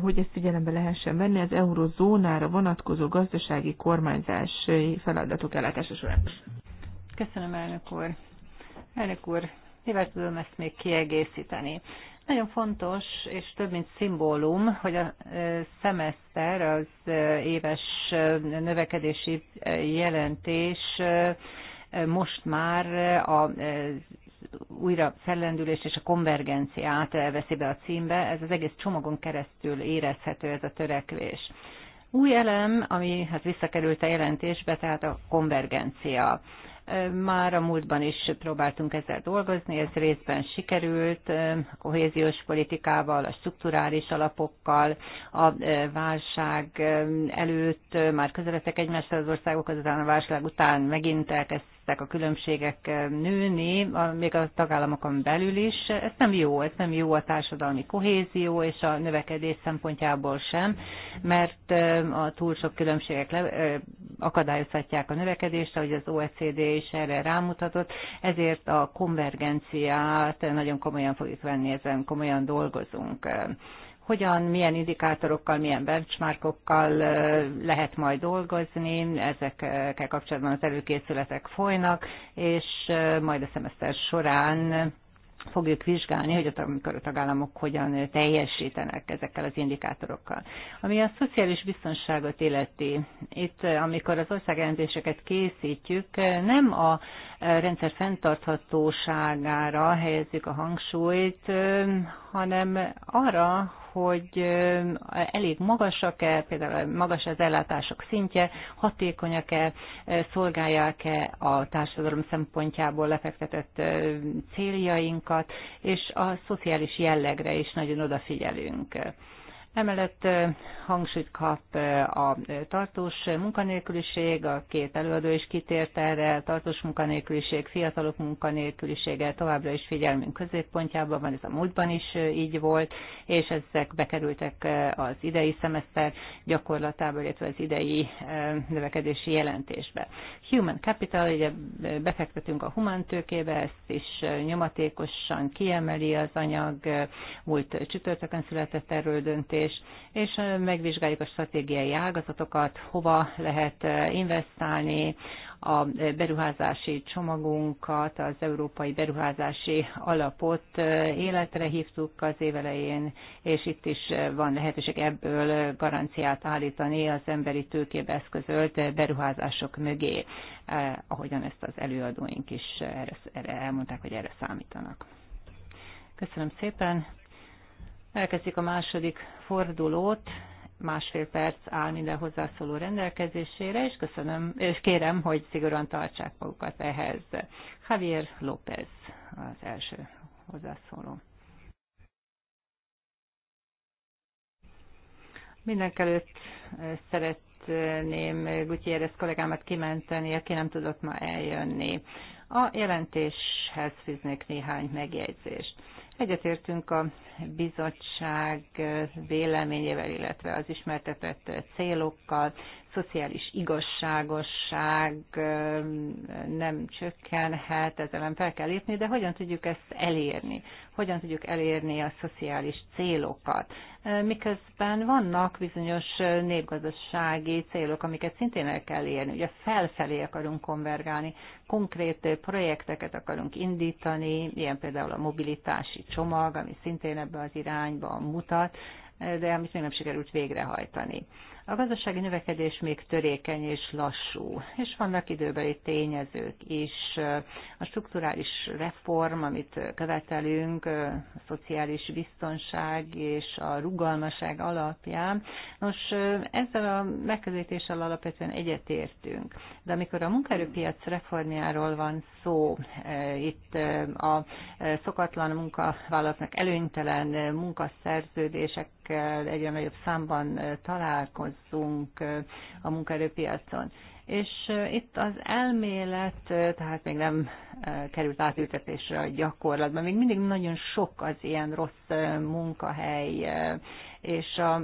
hogy ezt figyelembe lehessen venni az eurozónára vonatkozó gazdasági kormányzási feladatok ellátása során.
Köszönöm, elnök úr. Elnök úr, mivel tudom ezt még kiegészíteni? Nagyon fontos, és több mint szimbólum, hogy a szemeszter, az éves növekedési jelentés most már az újra fellendülés és a konvergencia veszi be a címbe, ez az egész csomagon keresztül érezhető ez a törekvés. Új elem, ami hát visszakerült a jelentésbe, tehát a konvergencia. Már a múltban is próbáltunk ezzel dolgozni, ez részben sikerült, a kohéziós politikával, a strukturális alapokkal, a válság előtt már közeletek egymáshoz az országok, azután a válság után megint elkezd elkezdtek a különbségek nőni, még a tagállamokon belül is. Ez nem jó, ez nem jó a társadalmi kohézió és a növekedés szempontjából sem, mert a túl sok különbségek le, akadályozhatják a növekedést, ahogy az OECD is erre rámutatott, ezért a konvergenciát nagyon komolyan fogjuk venni, ezen komolyan dolgozunk hogyan, milyen indikátorokkal, milyen benchmarkokkal lehet majd dolgozni, ezekkel kapcsolatban az előkészületek folynak, és majd a szemeszter során fogjuk vizsgálni, hogy amikor a tagállamok hogyan teljesítenek ezekkel az indikátorokkal. Ami a szociális biztonságot illeti, itt amikor az országjelentéseket készítjük, nem a rendszer fenntarthatóságára helyezzük a hangsúlyt, hanem arra, hogy elég magasak-e, például magas az ellátások szintje, hatékonyak-e, szolgálják-e a társadalom szempontjából lefektetett céljainkat, és a szociális jellegre is nagyon odafigyelünk. Emellett hangsúlyt kap a tartós munkanélküliség, a két előadó is kitért erre, tartós munkanélküliség, fiatalok munkanélkülisége továbbra is figyelmünk középpontjában van, ez a múltban is így volt, és ezek bekerültek az idei szemeszter gyakorlatába, illetve az idei növekedési jelentésbe. Human Capital, ugye befektetünk a humántőkébe, ezt is nyomatékosan kiemeli az anyag, múlt csütörtökön született erről döntés, és és megvizsgáljuk a stratégiai ágazatokat, hova lehet investálni, a beruházási csomagunkat, az Európai Beruházási Alapot életre hívtuk az évelején, és itt is van lehetőség ebből garanciát állítani az emberi tőkébe eszközölt beruházások mögé, ahogyan ezt az előadóink is erre, erre elmondták, hogy erre számítanak. Köszönöm szépen! Elkezdjük a második fordulót, másfél perc áll minden hozzászóló rendelkezésére, és köszönöm, és kérem, hogy szigorúan tartsák magukat ehhez. Javier López az első hozzászóló. Mindenkelőtt eh, szeretném Gutierrez kollégámat kimenteni, aki nem tudott ma eljönni. A jelentéshez fűznék néhány megjegyzést. Egyetértünk a bizottság véleményével, illetve az ismertetett célokkal szociális igazságosság nem csökkenhet, ezzel nem fel kell lépni, de hogyan tudjuk ezt elérni? Hogyan tudjuk elérni a szociális célokat? Miközben vannak bizonyos népgazdasági célok, amiket szintén el kell érni. Ugye felfelé akarunk konvergálni, konkrét projekteket akarunk indítani, ilyen például a mobilitási csomag, ami szintén ebbe az irányba mutat, de amit még nem sikerült végrehajtani. A gazdasági növekedés még törékeny és lassú, és vannak időbeli tényezők is. A strukturális reform, amit követelünk, a szociális biztonság és a rugalmaság alapján, nos, ezzel a megközelítéssel alapvetően egyetértünk. De amikor a munkaerőpiac reformjáról van szó, itt a szokatlan munkavállalatnak előnytelen munkaszerződések kell egyre nagyobb számban találkozzunk a munkaerőpiacon. És itt az elmélet, tehát még nem került átültetésre a gyakorlatban, még mindig nagyon sok az ilyen rossz munkahely, és a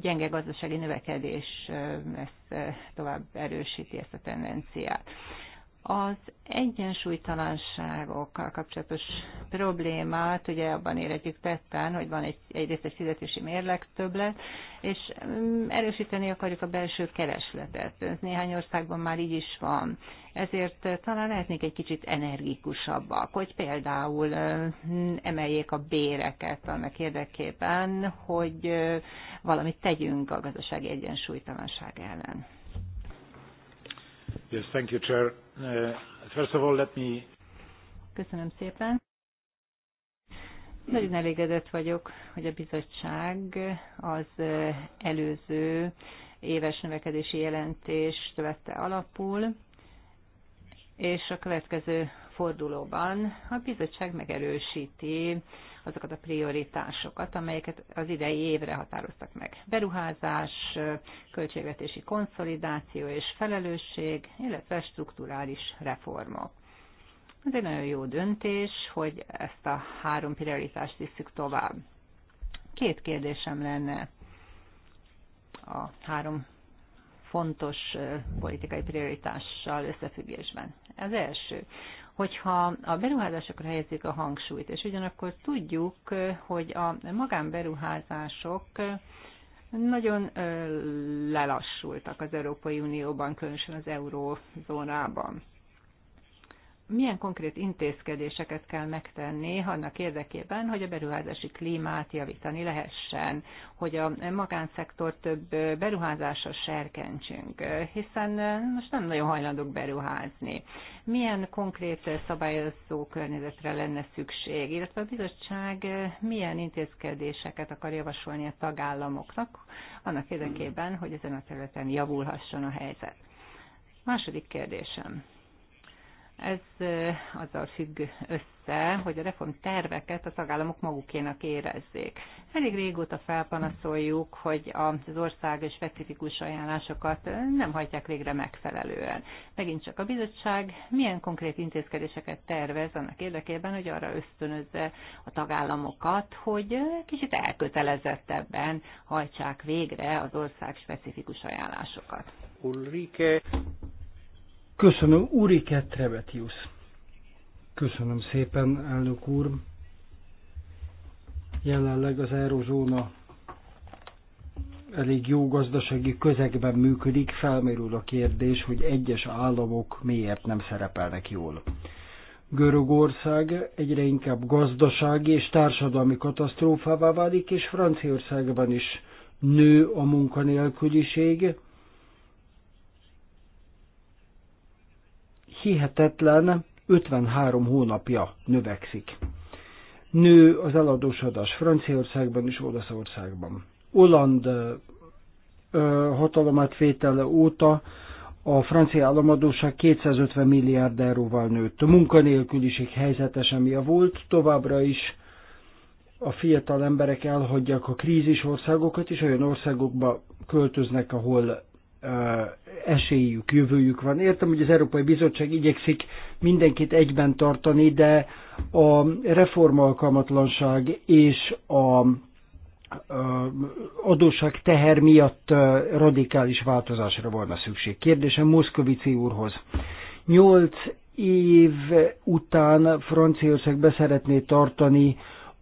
gyenge gazdasági növekedés ezt tovább erősíti ezt a tendenciát. Az egyensúlytalanságokkal kapcsolatos problémát, ugye abban érezzük tetten, hogy van egy, egyrészt egy fizetési mérleg többlet, és mm, erősíteni akarjuk a belső keresletet. Ez néhány országban már így is van. Ezért eh, talán lehetnék egy kicsit energikusabbak, hogy például eh, mm, emeljék a béreket annak érdekében, hogy eh, valamit tegyünk a gazdasági egyensúlytalanság ellen.
Yes, thank you, Chair. Uh, first of all, let me...
Köszönöm szépen. Nagyon elégedett vagyok, hogy a bizottság az uh, előző éves növekedési jelentést vette alapul, és a következő fordulóban a bizottság megerősíti azokat a prioritásokat, amelyeket az idei évre határoztak meg. Beruházás, költségvetési konszolidáció és felelősség, illetve strukturális reformok. Ez egy nagyon jó döntés, hogy ezt a három prioritást visszük tovább. Két kérdésem lenne a három fontos eh, politikai prioritással összefüggésben. Az első, hogyha a beruházásokra helyezik a hangsúlyt, és ugyanakkor tudjuk, hogy a magánberuházások nagyon lelassultak az Európai Unióban, különösen az eurózónában milyen konkrét intézkedéseket kell megtenni annak érdekében, hogy a beruházási klímát javítani lehessen, hogy a magánszektor több beruházásra serkentsünk, hiszen most nem nagyon hajlandók beruházni. Milyen konkrét szabályozó környezetre lenne szükség, illetve a bizottság milyen intézkedéseket akar javasolni a tagállamoknak annak érdekében, hogy ezen a területen javulhasson a helyzet. Második kérdésem ez azzal függ össze, hogy a reformterveket a tagállamok magukénak érezzék. Elég régóta felpanaszoljuk, hogy az ország specifikus ajánlásokat nem hajtják végre megfelelően. Megint csak a bizottság milyen konkrét intézkedéseket tervez annak érdekében, hogy arra ösztönözze a tagállamokat, hogy kicsit elkötelezettebben hajtsák végre az ország specifikus ajánlásokat. Ulrike.
Köszönöm, Uri Trebetius. Köszönöm szépen, elnök úr. Jelenleg az Eurozóna elég jó gazdasági közegben működik, felmerül a kérdés, hogy egyes államok miért nem szerepelnek jól. Görögország egyre inkább gazdasági és társadalmi katasztrófává válik, és Franciaországban is nő a munkanélküliség, hihetetlen 53 hónapja növekszik. Nő az eladósodás Franciaországban és Olaszországban. hatalomát vétele óta a francia államadóság 250 milliárd euróval nőtt. A munkanélküliség helyzete a volt továbbra is a fiatal emberek elhagyják a krízis országokat, és olyan országokba költöznek, ahol esélyük, jövőjük van. Értem, hogy az Európai Bizottság igyekszik mindenkit egyben tartani, de a reformalkalmatlanság és a adósság teher miatt radikális változásra volna szükség. Kérdésem Moszkovici úrhoz. Nyolc év után Franciaország beszeretné tartani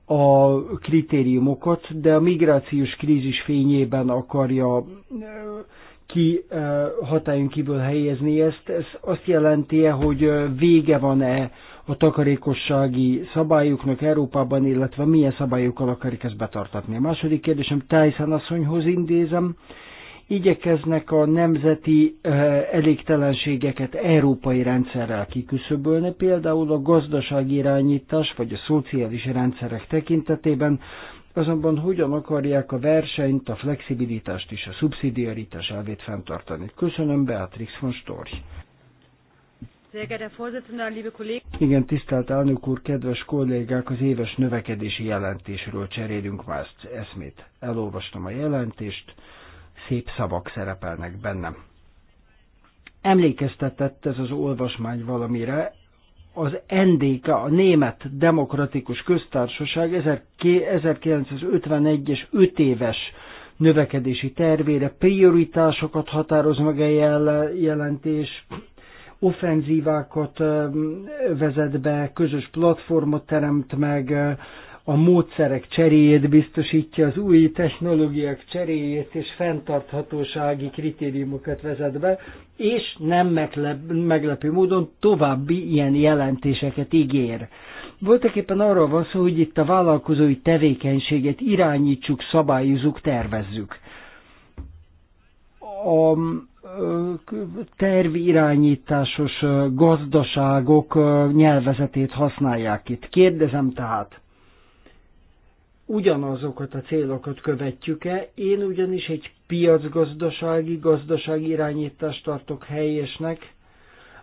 a kritériumokat, de a migrációs krízis fényében akarja ki hatályon kívül helyezni ezt. Ez azt jelenti -e, hogy vége van-e a takarékossági szabályoknak Európában, illetve milyen szabályokkal akarik ezt betartatni. A második kérdésem Tyson asszonyhoz intézem. Igyekeznek a nemzeti elégtelenségeket európai rendszerrel kiküszöbölni, például a gazdasági irányítás vagy a szociális rendszerek tekintetében, azonban hogyan akarják a versenyt, a flexibilitást és a szubszidiaritás elvét fenntartani. Köszönöm, Beatrix von Storch. Igen, tisztelt elnök úr, kedves kollégák, az éves növekedési jelentésről cserélünk már eszmét. Elolvastam a jelentést, szép szavak szerepelnek bennem. Emlékeztetett ez az olvasmány valamire, az NDK, a Német Demokratikus Köztársaság 1951-es 5 éves növekedési tervére prioritásokat határoz meg a jelentés, offenzívákat vezet be, közös platformot teremt meg, a módszerek cseréjét biztosítja, az új technológiák cseréjét és fenntarthatósági kritériumokat vezet be, és nem meglep, meglepő módon további ilyen jelentéseket ígér. Voltak éppen arról van szó, hogy itt a vállalkozói tevékenységet irányítsuk, szabályozunk, tervezzük. A tervirányításos gazdaságok nyelvezetét használják itt. Kérdezem tehát, ugyanazokat a célokat követjük-e. Én ugyanis egy piacgazdasági, gazdasági irányítást tartok helyesnek,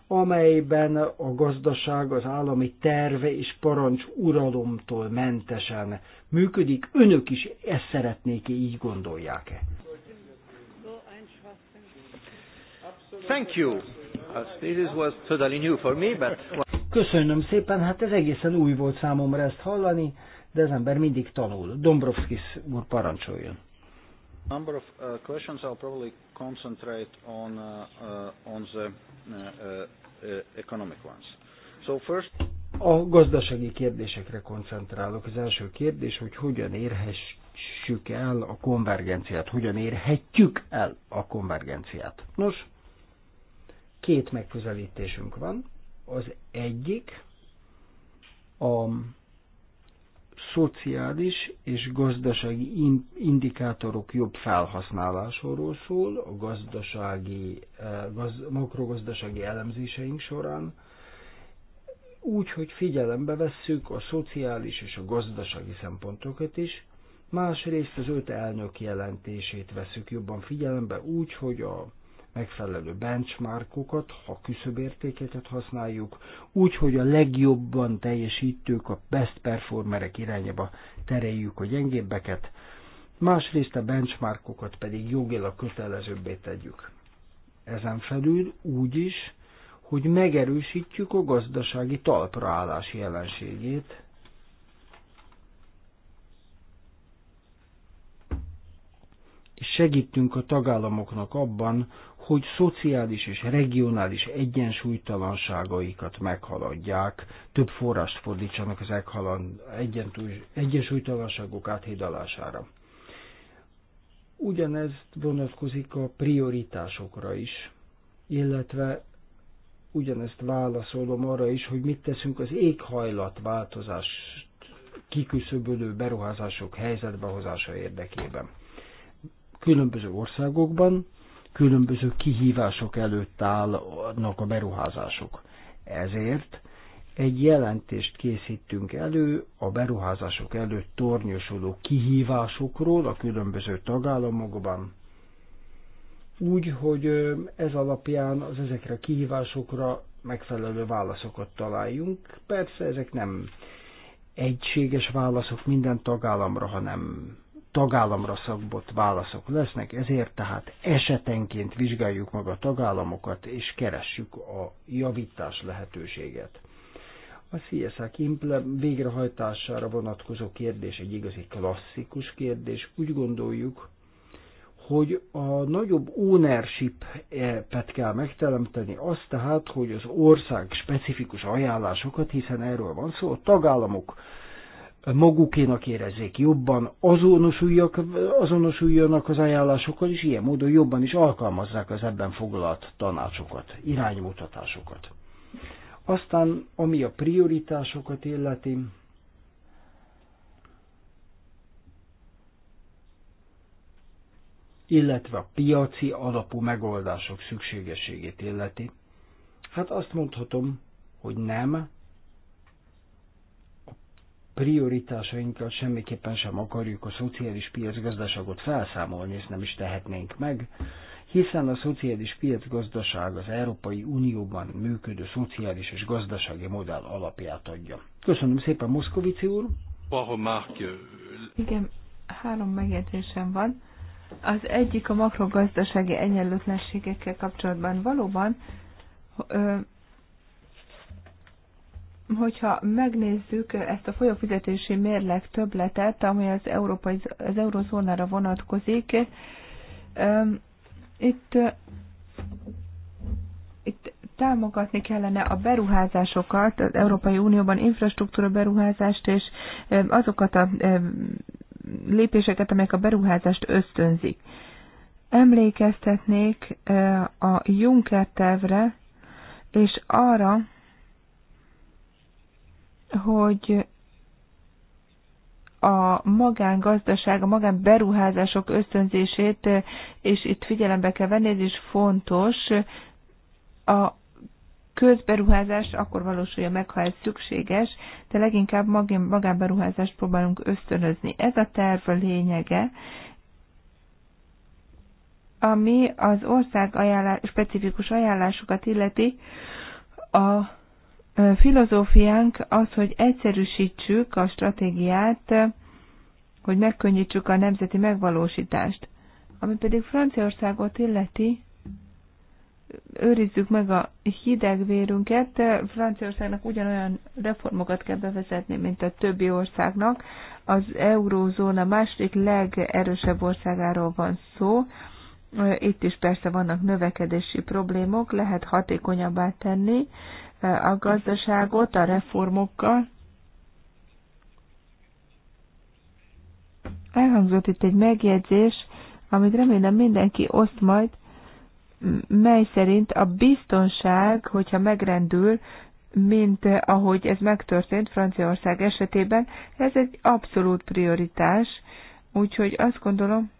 amelyben a gazdaság az állami terve és parancs uralomtól mentesen működik. Önök is ezt szeretnék -e, így gondolják-e? Thank you.
This was totally new
for me, but... Köszönöm szépen, hát ez egészen új volt számomra ezt hallani de az ember mindig tanul. Dombrovskis úr parancsoljon. number of uh, questions I'll probably concentrate on uh, uh, on the uh, uh, economic ones. So first a gazdasági kérdésekre koncentrálok. Az első kérdés, hogy hogyan érhessük el a konvergenciát, hogyan érhetjük el a konvergenciát. Nos, két megközelítésünk van. Az egyik a szociális és gazdasági indikátorok jobb felhasználásáról szól a gazdasági, eh, gaz, makrogazdasági elemzéseink során, úgy, hogy figyelembe vesszük a szociális és a gazdasági szempontokat is, másrészt az öt elnök jelentését veszük jobban figyelembe úgy, hogy a megfelelő benchmarkokat, ha küszöbértékeket használjuk, úgy, hogy a legjobban teljesítők, a best performerek irányába tereljük a gyengébbeket, másrészt a benchmarkokat pedig jogilag kötelezőbbé tegyük. Ezen felül úgy is, hogy megerősítjük a gazdasági talpraállás jelenségét, és segítünk a tagállamoknak abban, hogy szociális és regionális egyensúlytalanságaikat meghaladják, több forrást fordítsanak az egyensúlytalanságok áthidalására. Ugyanez vonatkozik a prioritásokra is, illetve ugyanezt válaszolom arra is, hogy mit teszünk az éghajlatváltozás kiküszöbölő beruházások helyzetbehozása érdekében. Különböző országokban különböző kihívások előtt állnak a beruházások. Ezért egy jelentést készítünk elő a beruházások előtt tornyosuló kihívásokról a különböző tagállamokban, úgy, hogy ez alapján az ezekre a kihívásokra megfelelő válaszokat találjunk. Persze ezek nem egységes válaszok minden tagállamra, hanem tagállamra szabott válaszok lesznek, ezért tehát esetenként vizsgáljuk meg a tagállamokat, és keressük a javítás lehetőséget. A CSA végrehajtására vonatkozó kérdés egy igazi klasszikus kérdés. Úgy gondoljuk, hogy a nagyobb ownership-et kell megteremteni, az tehát, hogy az ország specifikus ajánlásokat, hiszen erről van szó, a tagállamok magukénak érezzék jobban, azonosuljak, azonosuljanak az ajánlásokkal, és ilyen módon jobban is alkalmazzák az ebben foglalt tanácsokat, iránymutatásokat. Aztán, ami a prioritásokat illeti, illetve a piaci alapú megoldások szükségességét illeti, hát azt mondhatom, hogy nem, prioritásainkat semmiképpen sem akarjuk a szociális piacgazdaságot felszámolni, ezt nem is tehetnénk meg, hiszen a szociális piacgazdaság az Európai Unióban működő szociális és gazdasági modell alapját adja.
Köszönöm szépen, Moszkovici úr! Igen, három megjegyzésem van. Az egyik a makrogazdasági egyenlőtlenségekkel kapcsolatban valóban hogyha megnézzük ezt a folyófizetési mérleg többletet, ami az, európai, az eurozónára vonatkozik, itt, itt támogatni kellene a beruházásokat az Európai Unióban, infrastruktúra beruházást, és azokat a lépéseket, amelyek a beruházást ösztönzik. Emlékeztetnék a Juncker tervre, és arra, hogy a magángazdaság, a magánberuházások ösztönzését, eh, és itt figyelembe kell venni, ez is fontos, a közberuházás akkor valósulja meg, ha ez szükséges, de leginkább magánberuházást próbálunk ösztönözni. Ez a terv a lényege, ami az ország ajánlás, specifikus ajánlásokat illeti, a filozófiánk az, hogy egyszerűsítsük a stratégiát, hogy megkönnyítsük a nemzeti megvalósítást. Ami pedig Franciaországot illeti, őrizzük meg a hidegvérünket. Franciaországnak ugyanolyan reformokat kell bevezetni, mint a többi országnak. Az eurózóna második legerősebb országáról van szó. Itt is persze vannak növekedési problémok, lehet hatékonyabbá tenni, a gazdaságot a reformokkal. Elhangzott itt egy megjegyzés, amit remélem mindenki oszt majd, mely szerint a biztonság, hogyha megrendül, mint ahogy ez megtörtént Franciaország esetében, ez egy abszolút prioritás, úgyhogy azt gondolom,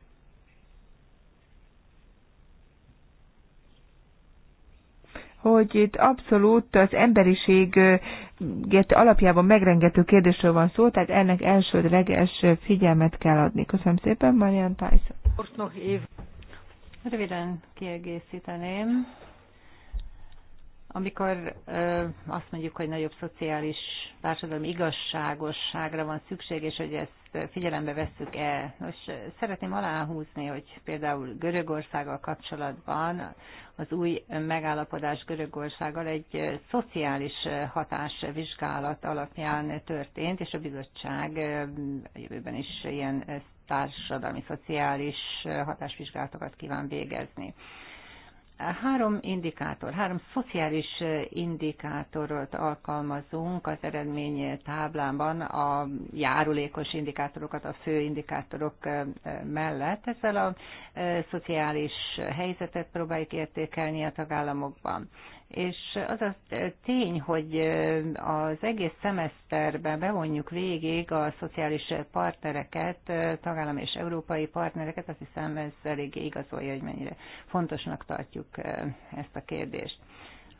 hogy itt abszolút az emberiséget alapjában megrengető kérdésről van szó, tehát ennek elsődleges figyelmet kell adni. Köszönöm szépen, Marian Tyson.
Röviden kiegészíteném amikor azt mondjuk, hogy nagyobb szociális társadalmi igazságosságra van szükség, és hogy ezt figyelembe vesszük el. Most szeretném aláhúzni, hogy például Görögországgal kapcsolatban az új megállapodás Görögországgal egy szociális hatásvizsgálat alapján történt, és a bizottság jövőben is ilyen társadalmi, szociális hatásvizsgálatokat kíván végezni. Három indikátor, három szociális indikátorot alkalmazunk az eredmény táblában a járulékos indikátorokat a fő indikátorok mellett. Ezzel a szociális helyzetet próbáljuk értékelni a tagállamokban és az a tény, hogy az egész szemeszterben bevonjuk végig a szociális partnereket, tagállami és európai partnereket, azt hiszem ez elég igazolja, hogy mennyire fontosnak tartjuk ezt a kérdést.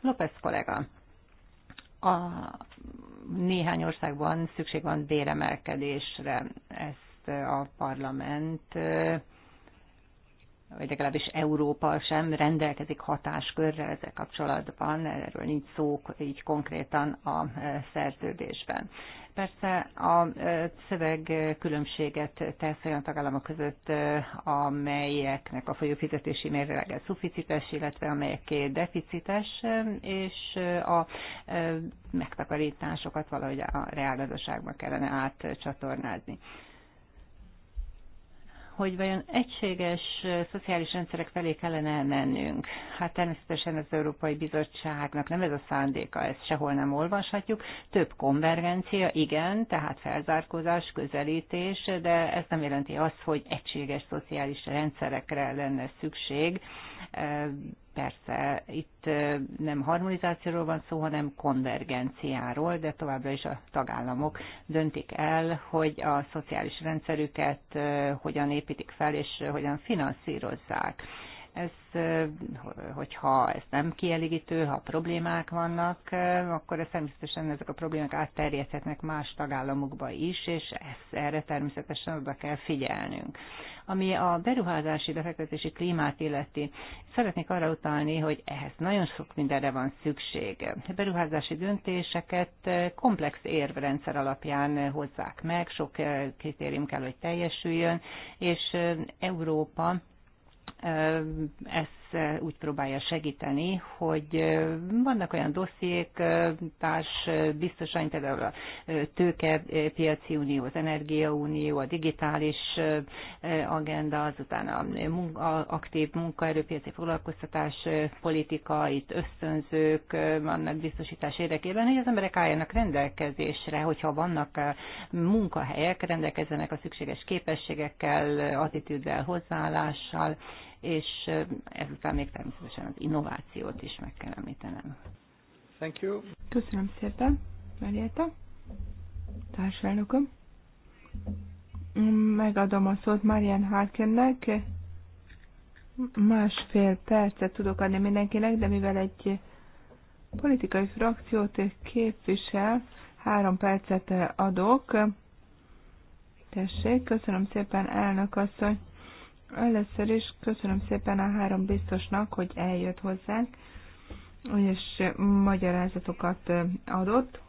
López kollega, a néhány országban szükség van béremelkedésre, ezt a parlament vagy legalábbis Európa sem rendelkezik hatáskörrel ezzel kapcsolatban, erről nincs szó így konkrétan a e, szerződésben. Persze a e, szöveg különbséget tesz olyan tagállamok között, e, amelyeknek a folyófizetési mérlege szuficites, illetve amelyeké deficites, és a megtakarításokat valahogy a reálgazdaságba kellene átcsatornázni hogy vajon egységes szociális rendszerek felé kellene mennünk. Hát természetesen az Európai Bizottságnak nem ez a szándéka, ezt sehol nem olvashatjuk. Több konvergencia, igen, tehát felzárkózás, közelítés, de ez nem jelenti azt, hogy egységes szociális rendszerekre lenne szükség Persze itt nem harmonizációról van szó, hanem konvergenciáról, de továbbra is a tagállamok döntik el, hogy a szociális rendszerüket hogyan építik fel és hogyan finanszírozzák. Ez, hogyha ez nem kielégítő, ha problémák vannak, akkor ez természetesen ezek a problémák átterjedhetnek más tagállamokba is, és ezt, erre természetesen oda kell figyelnünk. Ami a beruházási befektetési klímát illeti, szeretnék arra utalni, hogy ehhez nagyon sok mindenre van szükség. A beruházási döntéseket komplex érvrendszer alapján hozzák meg, sok kritérium kell, hogy teljesüljön, és Európa ezt úgy próbálja segíteni, hogy vannak olyan dossziék, társ biztosan, például a tőkepiaci unió, az energiaunió, a digitális agenda, azután a munka, aktív munkaerőpiaci foglalkoztatás politika, itt ösztönzők, annak biztosítás érdekében, hogy az emberek álljanak rendelkezésre, hogyha vannak munkahelyek, rendelkezzenek a szükséges képességekkel, attitűddel, hozzáállással, és ezután még természetesen az innovációt is meg kell említenem.
Thank you.
Köszönöm szépen, Marietta, társelnököm. Megadom a szót Marian Harkinnek. Másfél percet tudok adni mindenkinek, de mivel egy politikai frakciót képvisel, három percet adok. Tessék, köszönöm szépen, elnök asszony. Először is köszönöm szépen a három biztosnak, hogy eljött hozzánk, és magyarázatokat adott.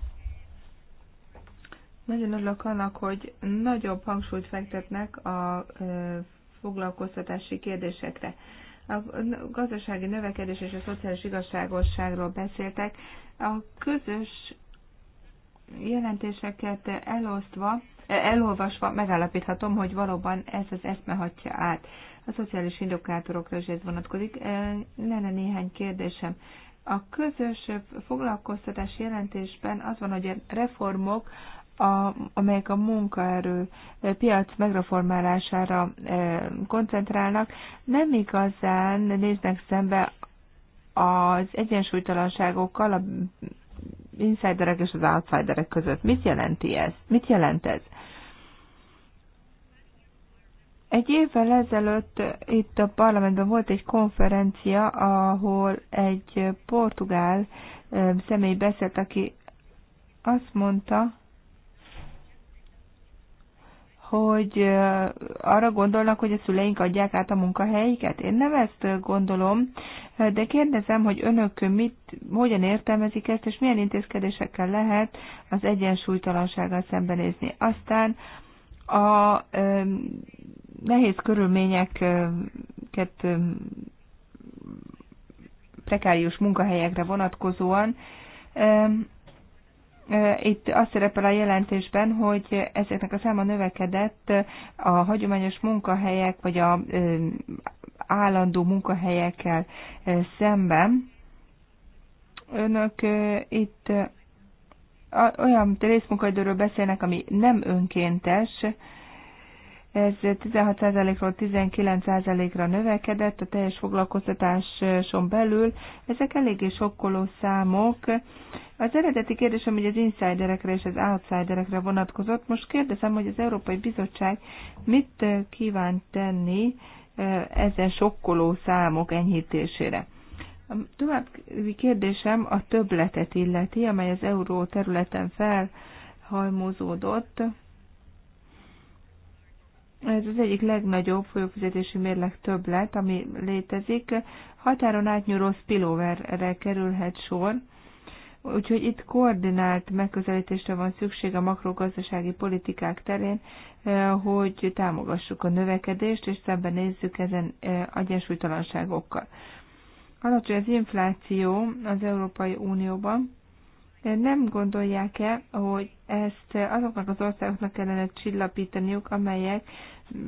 Nagyon örülök annak, hogy nagyobb hangsúlyt fektetnek a foglalkoztatási kérdésekre. A gazdasági növekedés és a szociális igazságosságról beszéltek. A közös jelentéseket elosztva elolvasva megállapíthatom, hogy valóban ez az eszme hatja át. A szociális indokátorokra is ez vonatkozik. Lenne néhány kérdésem. A közös foglalkoztatás jelentésben az van, hogy a reformok, a, amelyek a munkaerő piac megreformálására e, koncentrálnak, nem igazán néznek szembe az egyensúlytalanságokkal a insiderek és az outsiderek között. Mit jelenti ez? Mit jelent ez? Egy évvel ezelőtt itt a parlamentben volt egy konferencia, ahol egy portugál személy beszélt, aki azt mondta, hogy arra gondolnak, hogy a szüleink adják át a munkahelyiket? Én nem ezt gondolom, de kérdezem, hogy önök mit, hogyan értelmezik ezt, és milyen intézkedésekkel lehet az egyensúlytalansággal szembenézni. Aztán a nehéz körülményeket prekárius munkahelyekre vonatkozóan itt azt szerepel a jelentésben, hogy ezeknek a száma növekedett a hagyományos munkahelyek, vagy a állandó munkahelyekkel szemben. Önök itt olyan részmunkaidőről beszélnek, ami nem önkéntes, ez 16%-ról 19%-ra növekedett a teljes foglalkoztatáson belül. Ezek eléggé sokkoló számok. Az eredeti kérdésem, hogy az insiderekre és az outsiderekre vonatkozott. Most kérdezem, hogy az Európai Bizottság mit kíván tenni ezen sokkoló számok enyhítésére. A további kérdésem a többletet illeti, amely az euró területen felhajmozódott ez az egyik legnagyobb folyófizetési mérleg többlet, ami létezik. Határon átnyúló spillover-re kerülhet sor, úgyhogy itt koordinált megközelítésre van szükség a makrogazdasági politikák terén, eh, hogy támogassuk a növekedést, és nézzük ezen eh, egyensúlytalanságokkal. Alacsony az infláció az Európai Unióban, nem gondolják-e, hogy ezt azoknak az országoknak kellene csillapítaniuk, amelyek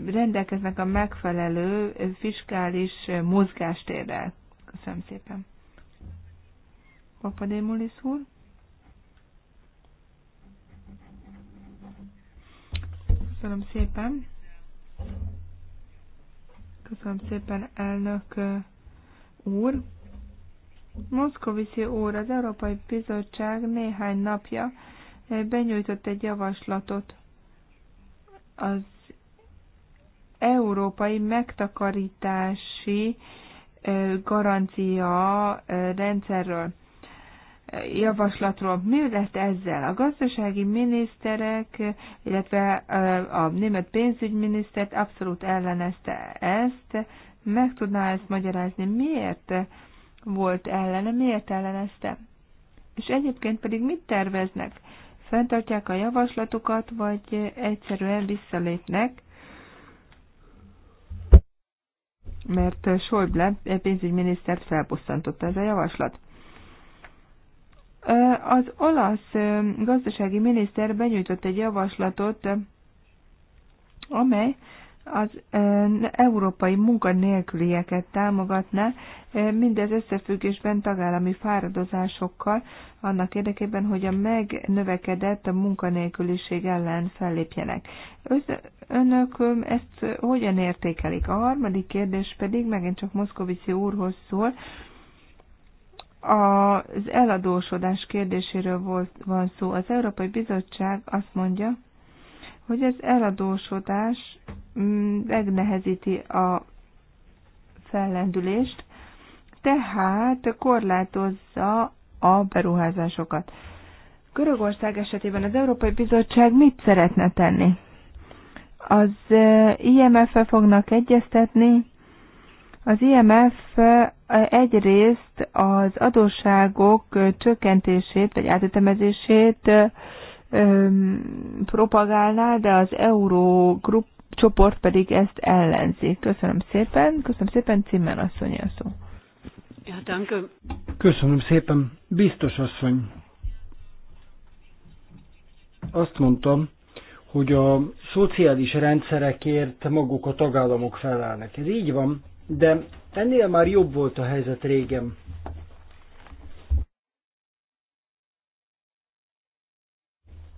rendelkeznek a megfelelő fiskális mozgástérrel? Köszönöm szépen. Papadémulis úr? Köszönöm szépen. Köszönöm szépen, elnök úr. Moszkovici úr, az Európai Bizottság néhány napja eh, benyújtott egy javaslatot az európai megtakarítási eh, garancia eh, rendszerről, javaslatról. Mi lett ezzel? A gazdasági miniszterek, illetve a német pénzügyminisztert abszolút ellenezte ezt. Meg tudná ezt magyarázni? Miért? volt ellene, miért ellenezte? És egyébként pedig mit terveznek? Fentartják a javaslatukat, vagy egyszerűen visszalépnek? Mert Schäuble eh, pénzügyminisztert felbosszantott ez a javaslat. Az olasz gazdasági miniszter benyújtott egy javaslatot, amely az európai munkanélkülieket támogatná, mindez összefüggésben tagállami fáradozásokkal, annak érdekében, hogy a megnövekedett a munkanélküliség ellen fellépjenek. Önök ezt hogyan értékelik? A harmadik kérdés pedig megint csak Moszkovici úrhoz szól, az eladósodás kérdéséről volt, van szó. Az Európai Bizottság azt mondja, hogy az eladósodás mm, megnehezíti a fellendülést, tehát korlátozza a beruházásokat. Görögország esetében az Európai Bizottság mit szeretne tenni? Az imf e fognak egyeztetni. Az IMF e, egyrészt az adósságok e, csökkentését vagy átütemezését e, propagálná, de az Eurogroup csoport pedig ezt ellenzi. Köszönöm szépen, köszönöm szépen, Cimmel asszony a szó. Ja, Köszönöm szépen, biztos asszony.
Azt mondtam, hogy a szociális rendszerekért maguk a tagállamok felelnek. Ez így van, de ennél már jobb volt a helyzet régen.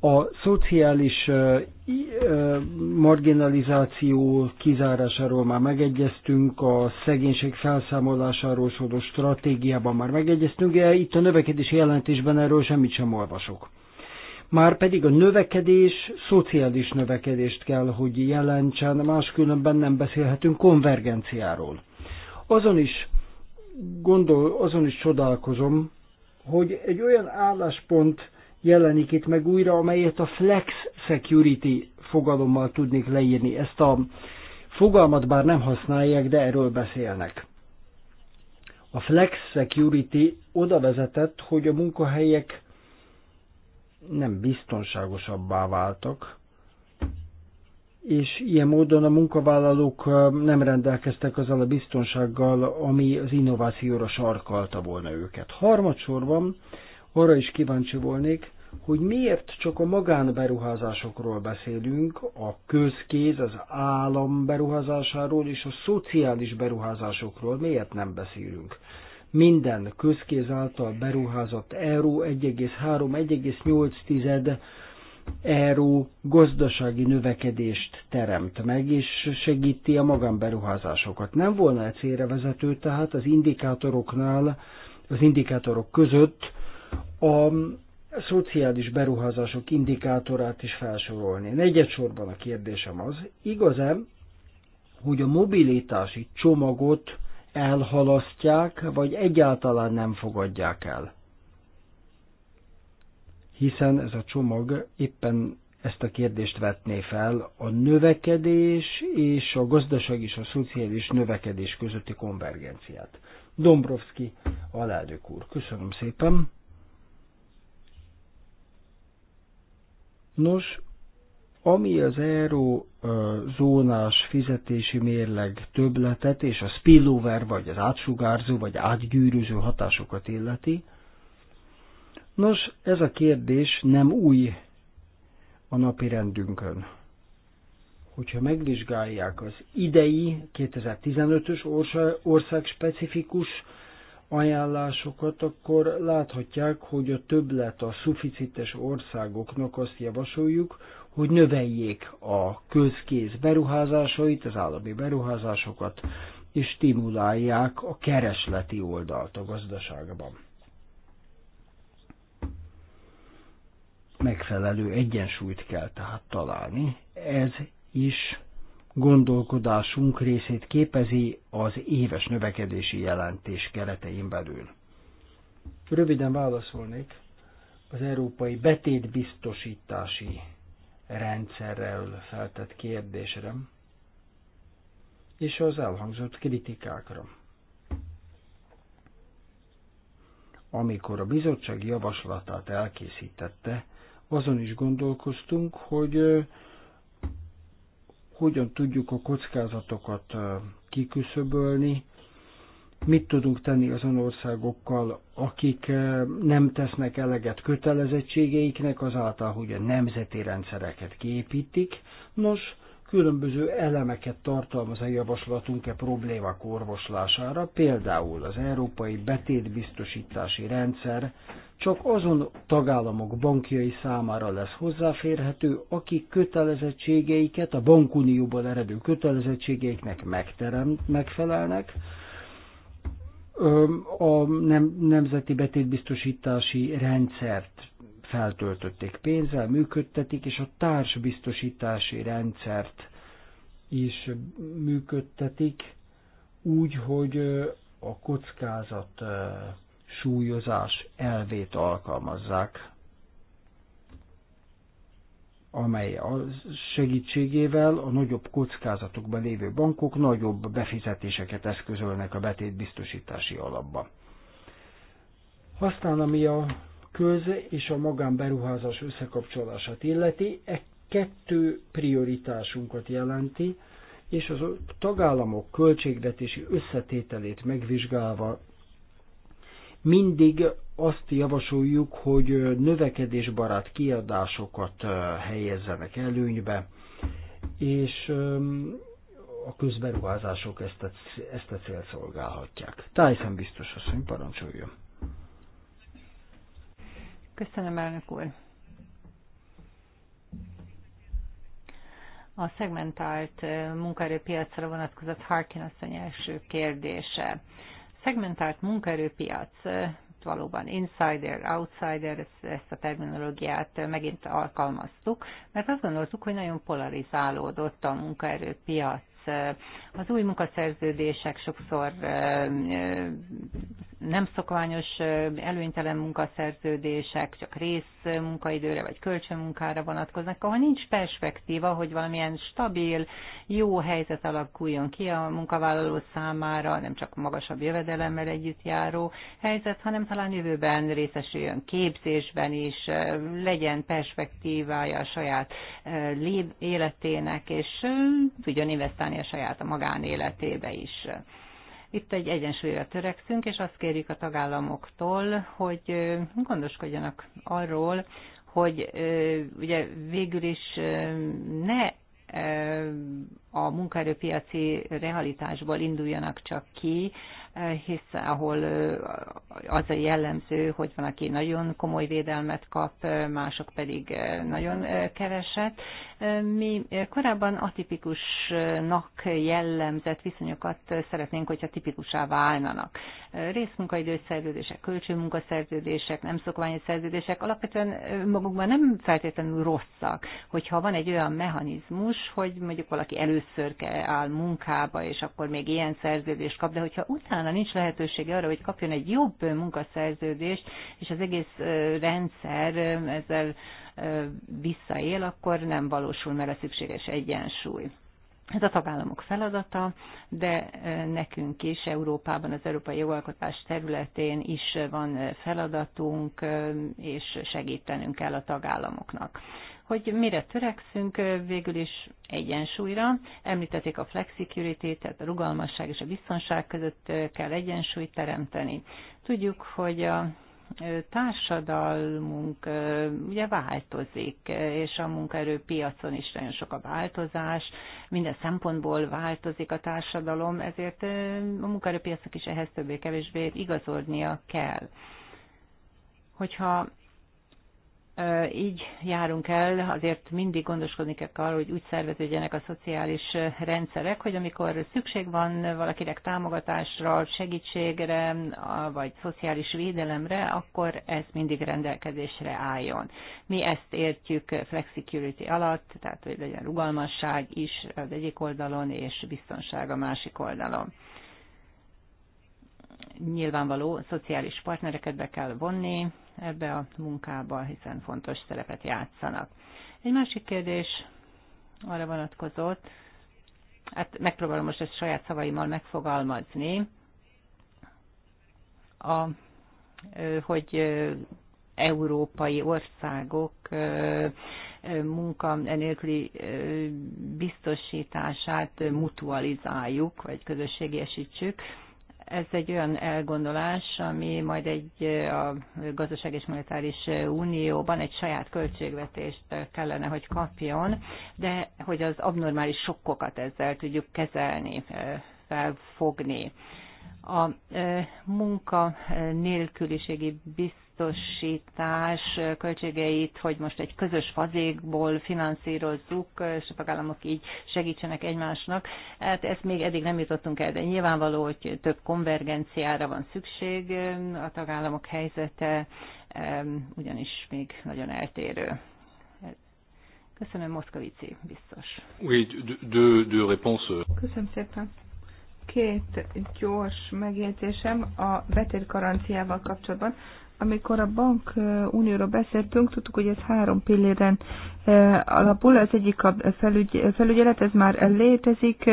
a szociális marginalizáció kizárásáról már megegyeztünk, a szegénység felszámolásáról szóló stratégiában már megegyeztünk, de itt a növekedési jelentésben erről semmit sem olvasok. Már pedig a növekedés szociális növekedést kell, hogy jelentsen, máskülönben nem beszélhetünk konvergenciáról. Azon is gondol, azon is csodálkozom, hogy egy olyan álláspont, jelenik itt meg újra, amelyet a flex security fogalommal tudnék leírni. Ezt a fogalmat bár nem használják, de erről beszélnek. A flex security oda vezetett, hogy a munkahelyek nem biztonságosabbá váltak, és ilyen módon a munkavállalók nem rendelkeztek azzal a biztonsággal, ami az innovációra sarkalta volna őket. Harmadsorban arra is kíváncsi volnék, hogy miért csak a magánberuházásokról beszélünk, a közkéz, az állam beruházásáról és a szociális beruházásokról miért nem beszélünk. Minden közkéz által beruházott euró 1,3-1,8 euró gazdasági növekedést teremt meg, és segíti a magánberuházásokat. Nem volna célra vezető, tehát az indikátoroknál, az indikátorok között a szociális beruházások indikátorát is felsorolni. Negyedsorban a kérdésem az, igaz-e, hogy a mobilitási csomagot elhalasztják, vagy egyáltalán nem fogadják el? Hiszen ez a csomag éppen ezt a kérdést vetné fel, a növekedés és a gazdaság és a szociális növekedés közötti konvergenciát. Dombrovski alelnök úr, köszönöm szépen! Nos, ami az zónás fizetési mérleg többletet és a spillover, vagy az átsugárzó, vagy átgyűrűző hatásokat illeti, nos, ez a kérdés nem új a napi rendünkön. Hogyha megvizsgálják az idei 2015-ös országspecifikus ajánlásokat, akkor láthatják, hogy a többlet a szuficites országoknak azt javasoljuk, hogy növeljék a közkéz beruházásait, az állami beruházásokat, és stimulálják a keresleti oldalt a gazdaságban. Megfelelő egyensúlyt kell tehát találni, ez is gondolkodásunk részét képezi az éves növekedési jelentés keretein belül. Röviden válaszolnék az európai betétbiztosítási rendszerrel feltett kérdésre és az elhangzott kritikákra. Amikor a bizottság javaslatát elkészítette, azon is gondolkoztunk, hogy hogyan tudjuk a kockázatokat kiküszöbölni, mit tudunk tenni azon országokkal, akik nem tesznek eleget kötelezettségeiknek azáltal, hogy a nemzeti rendszereket kiépítik. Nos, különböző elemeket tartalmaz a javaslatunk e problémák orvoslására, például az Európai Betétbiztosítási Rendszer csak azon tagállamok bankjai számára lesz hozzáférhető, akik kötelezettségeiket, a bankunióból eredő kötelezettségeiknek megterem, megfelelnek, a nem, nemzeti betétbiztosítási rendszert feltöltötték pénzzel, működtetik, és a társbiztosítási rendszert is működtetik, úgy, hogy a kockázat súlyozás elvét alkalmazzák, amely a segítségével a nagyobb kockázatokban lévő bankok nagyobb befizetéseket eszközölnek a betétbiztosítási alapba. Aztán, ami a köz- és a magánberuházás összekapcsolását illeti. E kettő prioritásunkat jelenti, és az tagállamok költségvetési összetételét megvizsgálva mindig azt javasoljuk, hogy növekedésbarát kiadásokat helyezzenek előnybe, és a közberuházások ezt a, ezt a célt szolgálhatják. Tyson biztos asszony parancsoljon.
Köszönöm, elnök úr. A szegmentált munkaerőpiacra vonatkozott Harkin asszony első kérdése. Szegmentált munkaerőpiac valóban insider, outsider, ezt, ezt a terminológiát megint alkalmaztuk, mert azt gondoltuk, hogy nagyon polarizálódott a munkaerőpiac az új munkaszerződések sokszor nem szokványos, előnytelen munkaszerződések, csak rész munkaidőre vagy kölcsönmunkára vonatkoznak, ahol nincs perspektíva, hogy valamilyen stabil, jó helyzet alakuljon ki a munkavállaló számára, nem csak magasabb jövedelemmel együtt járó helyzet, hanem talán jövőben részesüljön képzésben is, legyen perspektívája a saját életének, és tudjon investálni a saját a magánéletébe is. Itt egy egyensúlyra törekszünk, és azt kérjük a tagállamoktól, hogy gondoskodjanak arról, hogy ugye végül is ne a munkaerőpiaci realitásból induljanak csak ki, hisz ahol az a jellemző, hogy van, aki nagyon komoly védelmet kap, mások pedig nagyon keveset. Mi korábban atipikusnak jellemzett viszonyokat szeretnénk, hogyha tipikusá válnának. Részmunkaidős szerződések, kölcsönmunkaszerződések, nem szokványi szerződések alapvetően magukban nem feltétlenül rosszak, hogyha van egy olyan mechanizmus, hogy mondjuk valaki először áll munkába, és akkor még ilyen szerződést kap, de hogyha utána utána nincs lehetősége arra, hogy kapjon egy jobb munkaszerződést, és az egész rendszer ezzel visszaél, akkor nem valósul meg a szükséges egyensúly. Ez a tagállamok feladata, de nekünk is Európában, az európai jogalkotás területén is van feladatunk, és segítenünk kell a tagállamoknak hogy mire törekszünk végül is egyensúlyra. Említették a flexicurity, tehát a rugalmasság és a biztonság között kell egyensúlyt teremteni. Tudjuk, hogy a társadalmunk ugye változik, és a munkaerőpiacon is nagyon sok a változás, minden szempontból változik a társadalom, ezért a munkaerőpiacnak is ehhez többé-kevésbé igazodnia kell. Hogyha így járunk el, azért mindig gondoskodni kell arról, hogy úgy szerveződjenek a szociális rendszerek, hogy amikor szükség van valakinek támogatásra, segítségre, vagy szociális védelemre, akkor ez mindig rendelkezésre álljon. Mi ezt értjük flexicurity alatt, tehát hogy legyen rugalmasság is az egyik oldalon, és biztonság a másik oldalon nyilvánvaló szociális partnereket be kell vonni ebbe a munkába, hiszen fontos szerepet játszanak. Egy másik kérdés arra vonatkozott, hát megpróbálom most ezt saját szavaimmal megfogalmazni, a, hogy európai országok munkanélküli biztosítását mutualizáljuk, vagy közösségiesítsük. Ez egy olyan elgondolás, ami majd egy a gazdaság és monetáris unióban egy saját költségvetést kellene, hogy kapjon, de hogy az abnormális sokkokat ezzel tudjuk kezelni, felfogni. A e, munka nélküliségi biztonság, biztosítás költségeit, hogy most egy közös fazékból finanszírozzuk, és a tagállamok így segítsenek egymásnak. Hát ezt még eddig nem jutottunk el, de nyilvánvaló, hogy több konvergenciára van szükség a tagállamok helyzete, ugyanis még nagyon
eltérő. Köszönöm, Moszkavici, biztos. Oui, de, de Köszönöm szépen. Két gyors megjegyzésem a betétgaranciával kapcsolatban amikor a bank unióról beszéltünk, tudtuk, hogy ez három pilléren alapul. Az egyik a felügy, felügyelet, ez már létezik,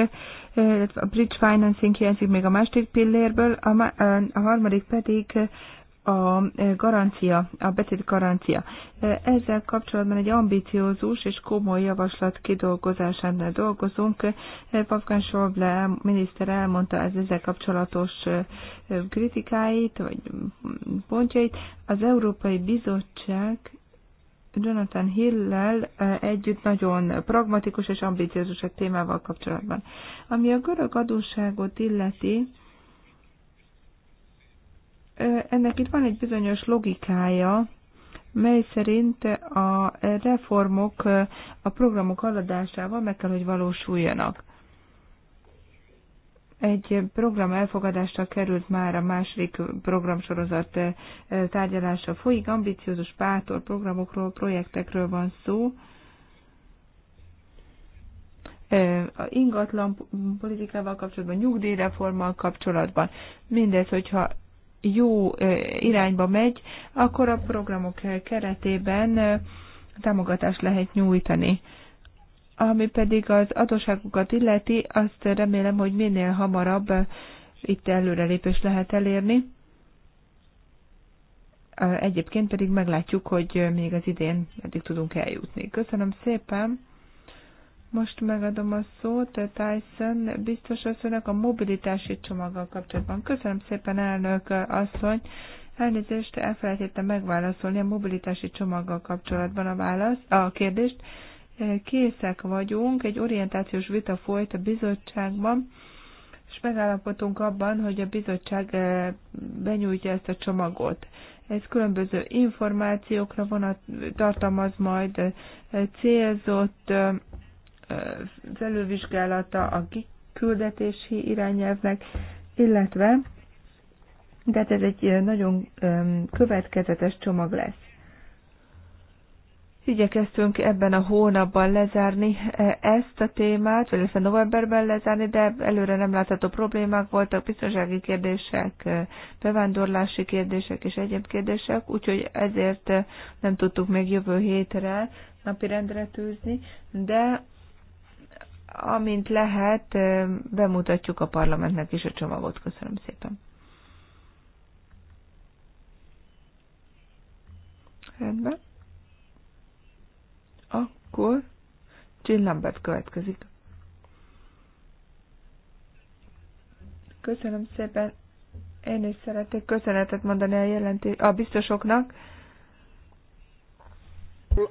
a bridge financing hiányzik még a másik pillérből, a, a harmadik pedig a garancia, a betét garancia. Ezzel kapcsolatban egy ambiciózus és komoly javaslat kidolgozásán dolgozunk. Pavkán Sorble miniszter elmondta az ezzel kapcsolatos kritikáit, vagy pontjait. Az Európai Bizottság Jonathan Hill-lel együtt nagyon pragmatikus és ambiciózus egy témával kapcsolatban. Ami a görög adósságot illeti, ennek itt van egy bizonyos logikája, mely szerint a reformok a programok haladásával meg kell, hogy valósuljanak. Egy program elfogadásra került már a második programsorozat tárgyalása folyik, ambiciózus bátor programokról, projektekről van szó, a ingatlan politikával kapcsolatban, nyugdíjreformmal kapcsolatban. Mindez, hogyha jó irányba megy, akkor a programok keretében támogatást lehet nyújtani. Ami pedig az adóságokat illeti, azt remélem, hogy minél hamarabb itt előrelépés lehet elérni. Egyébként pedig meglátjuk, hogy még az idén eddig tudunk eljutni. Köszönöm szépen! Most megadom a szót Tyson biztos asszonynak a mobilitási csomaggal kapcsolatban. Köszönöm szépen, elnök asszony. Elnézést, elfelejtettem megválaszolni a mobilitási csomaggal kapcsolatban a, válasz, a kérdést. Készek vagyunk, egy orientációs vita folyt a bizottságban, és megállapodtunk abban, hogy a bizottság eh, benyújtja ezt a csomagot. Ez különböző információkra vonat, tartalmaz majd eh, célzott eh, felülvizsgálata a kiküldetési irányelvnek, illetve de hát ez egy nagyon következetes csomag lesz. Igyekeztünk ebben a hónapban lezárni ezt a témát, vagy illetve novemberben lezárni, de előre nem látható problémák voltak, biztonsági kérdések, bevándorlási kérdések és egyéb kérdések, úgyhogy ezért nem tudtuk még jövő hétre napirendre tűzni, de amint lehet, bemutatjuk a parlamentnek is a csomagot. Köszönöm szépen. Rendben. Akkor Jill Lambert következik. Köszönöm szépen. Én is szeretnék köszönetet mondani a, jelenté- a biztosoknak.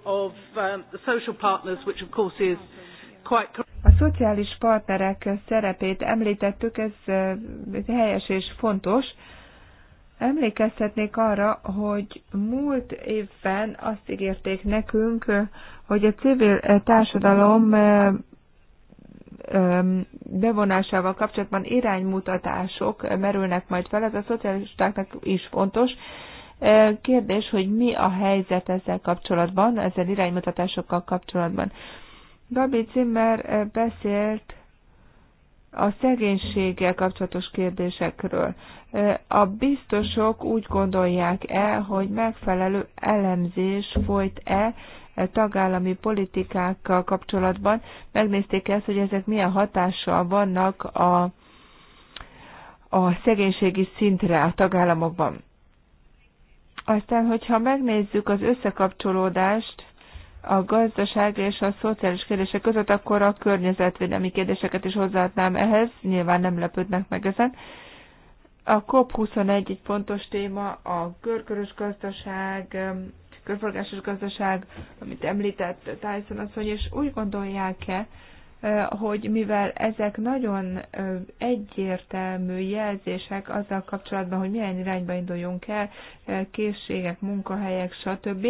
Of um, the social partners, which of course is a szociális partnerek szerepét említettük, ez, ez helyes és fontos. Emlékeztetnék arra, hogy múlt évben azt ígérték nekünk, hogy a civil társadalom bevonásával kapcsolatban iránymutatások merülnek majd fel, ez a szocialistáknak is fontos. Kérdés, hogy mi a helyzet ezzel kapcsolatban, ezzel iránymutatásokkal kapcsolatban. Gabi Zimmer eh, beszélt a szegénységgel kapcsolatos kérdésekről. Eh, a biztosok úgy gondolják-e, hogy megfelelő elemzés folyt-e eh, tagállami politikákkal kapcsolatban? Megnézték ezt, hogy ezek milyen hatással vannak a, a szegénységi szintre a tagállamokban. Aztán, hogyha megnézzük az összekapcsolódást, a gazdaság és a szociális kérdések között, akkor a környezetvédelmi kérdéseket is hozzáadnám ehhez, nyilván nem lepődnek meg ezen. A COP21 egy fontos téma, a körkörös gazdaság, körforgásos gazdaság, amit említett Tyson asszony, és úgy gondolják-e, hogy mivel ezek nagyon egyértelmű jelzések azzal kapcsolatban, hogy milyen irányba induljunk el, készségek, munkahelyek, stb.,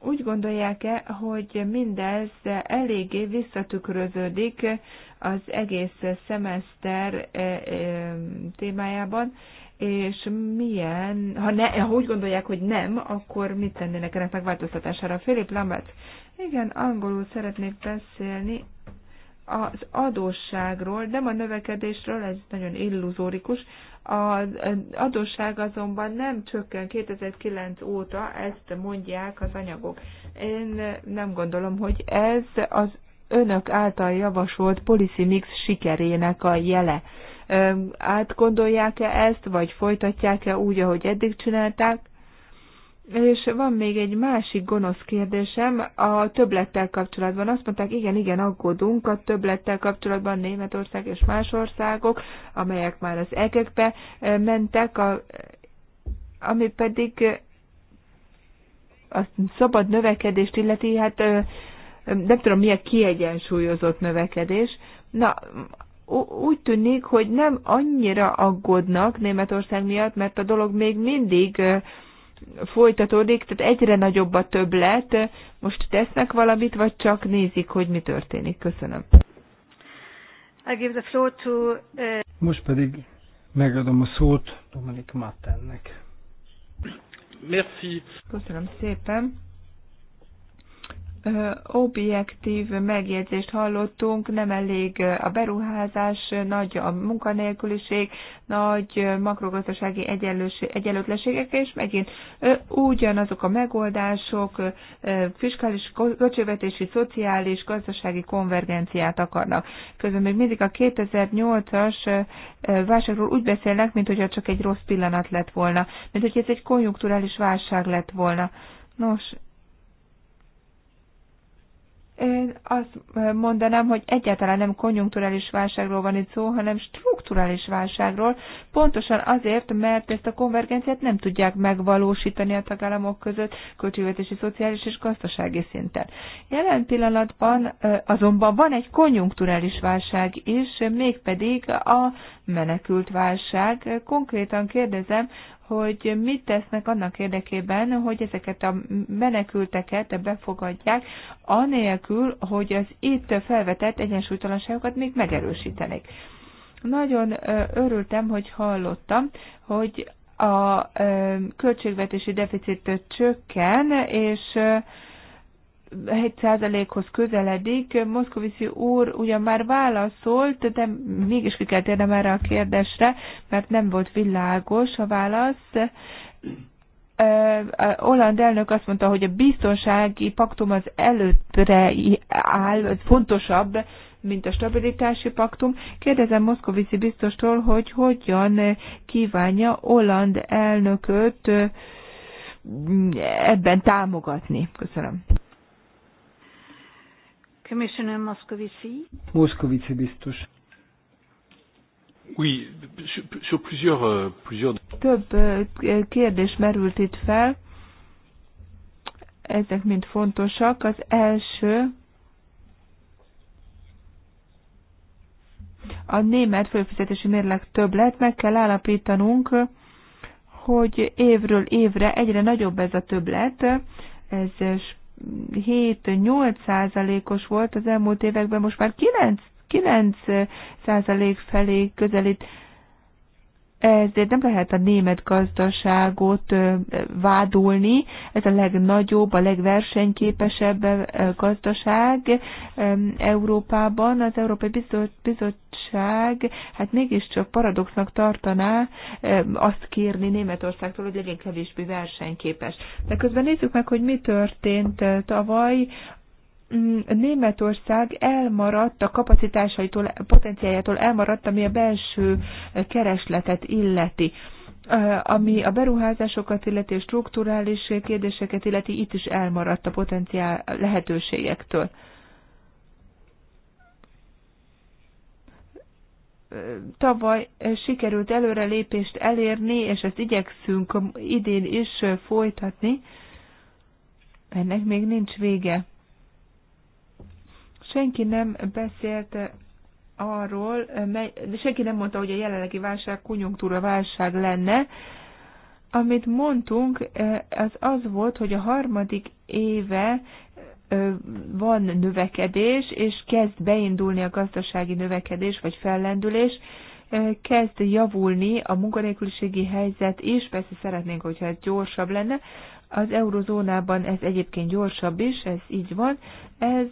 úgy gondolják-e, hogy mindez eléggé visszatükröződik az egész szemeszter e, e, témájában, és milyen, ha, ne, ha úgy gondolják, hogy nem, akkor mit tennének ennek megváltoztatására? Philip Lambert. Igen, angolul szeretnék beszélni, az adósságról, nem a növekedésről, ez nagyon illuzórikus. Az adósság azonban nem csökken 2009 óta, ezt mondják az anyagok. Én nem gondolom, hogy ez az önök által javasolt policy mix sikerének a jele. Átgondolják-e ezt, vagy folytatják-e úgy, ahogy eddig csinálták? És van még egy másik gonosz kérdésem a többlettel kapcsolatban. Azt mondták, igen, igen, aggódunk a többlettel kapcsolatban Németország és más országok, amelyek már az egekbe eh, mentek, a, ami pedig eh, a szabad növekedést illeti, hát eh, nem tudom, milyen kiegyensúlyozott növekedés. Na, úgy tűnik, hogy nem annyira aggódnak Németország miatt, mert a dolog még mindig folytatódik, tehát egyre nagyobb a többlet. Most tesznek valamit, vagy csak nézik, hogy mi történik? Köszönöm. I give the floor to, uh... Most pedig megadom a szót Dominik
Mattennek.
Merci. Köszönöm szépen objektív megjegyzést hallottunk, nem elég a beruházás, nagy a munkanélküliség, nagy makrogazdasági egyenlőtlenségek, és megint ugyanazok a megoldások, fiskális, költségvetési, szociális, gazdasági konvergenciát akarnak. Közben még mindig a 2008-as válságról úgy beszélnek, mint hogyha csak egy rossz pillanat lett volna, mint hogy ez egy konjunkturális válság lett volna. Nos, én azt mondanám, hogy egyáltalán nem konjunkturális válságról van itt szó, hanem strukturális válságról, pontosan azért, mert ezt a konvergenciát nem tudják megvalósítani a tagállamok között költségvetési, szociális és gazdasági szinten. Jelen pillanatban azonban van egy konjunkturális válság is, mégpedig a menekült válság. Konkrétan kérdezem, hogy mit tesznek annak érdekében, hogy ezeket a menekülteket befogadják, anélkül, hogy az itt felvetett egyensúlytalanságokat még megerősítenék. Nagyon örültem, hogy hallottam, hogy a költségvetési deficit csökken, és 1%-hoz közeledik. Moszkoviszi úr ugyan már válaszolt, de mégis ki kell térnem erre a kérdésre, mert nem volt világos a válasz. Holland elnök azt mondta, hogy a biztonsági paktum az előttre áll, az fontosabb, mint a stabilitási paktum. Kérdezem Moszkovici biztostól, hogy hogyan kívánja Holland elnököt ebben támogatni. Köszönöm. Commissioner Moscovici. Moscovici biztos. Oui, sur plusieurs, euh, plusieurs... Több kérdés merült itt fel. Ezek mind fontosak. Az első a német fölfizetési mérleg többlet. Meg kell állapítanunk, hogy évről évre egyre nagyobb ez a többlet. Ez 7-8 százalékos volt az elmúlt években, most már 9 9 százalék felé közelít ezért nem lehet a német gazdaságot vádolni. Ez a legnagyobb, a legversenyképesebb gazdaság Európában. Az Európai Bizottság hát mégiscsak paradoxnak tartaná azt kérni Németországtól, hogy legyen kevésbé versenyképes. De közben nézzük meg, hogy mi történt tavaly Mm, Németország elmaradt a kapacitásaitól, potenciájától elmaradt, ami a belső keresletet illeti ami a beruházásokat illeti, a struktúrális kérdéseket illeti, itt is elmaradt a potenciál lehetőségektől. Tavaly sikerült előrelépést elérni, és ezt igyekszünk idén is folytatni. Ennek még nincs vége. Senki nem beszélt arról, mely, de senki nem mondta, hogy a jelenlegi válság konjunktúra válság lenne. Amit mondtunk, eh, az az volt, hogy a harmadik éve eh, van növekedés, és kezd beindulni a gazdasági növekedés, vagy fellendülés, eh, kezd javulni a munkanélküliségi helyzet is, persze szeretnénk, hogyha ez gyorsabb lenne, az eurozónában ez egyébként gyorsabb is, ez így van, ez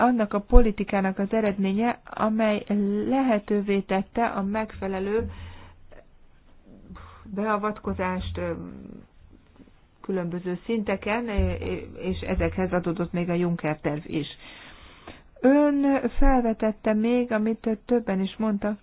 annak a politikának az eredménye, amely lehetővé tette a megfelelő beavatkozást különböző szinteken, és ezekhez adódott még a Juncker terv is. Ön felvetette még, amit többen is mondtak,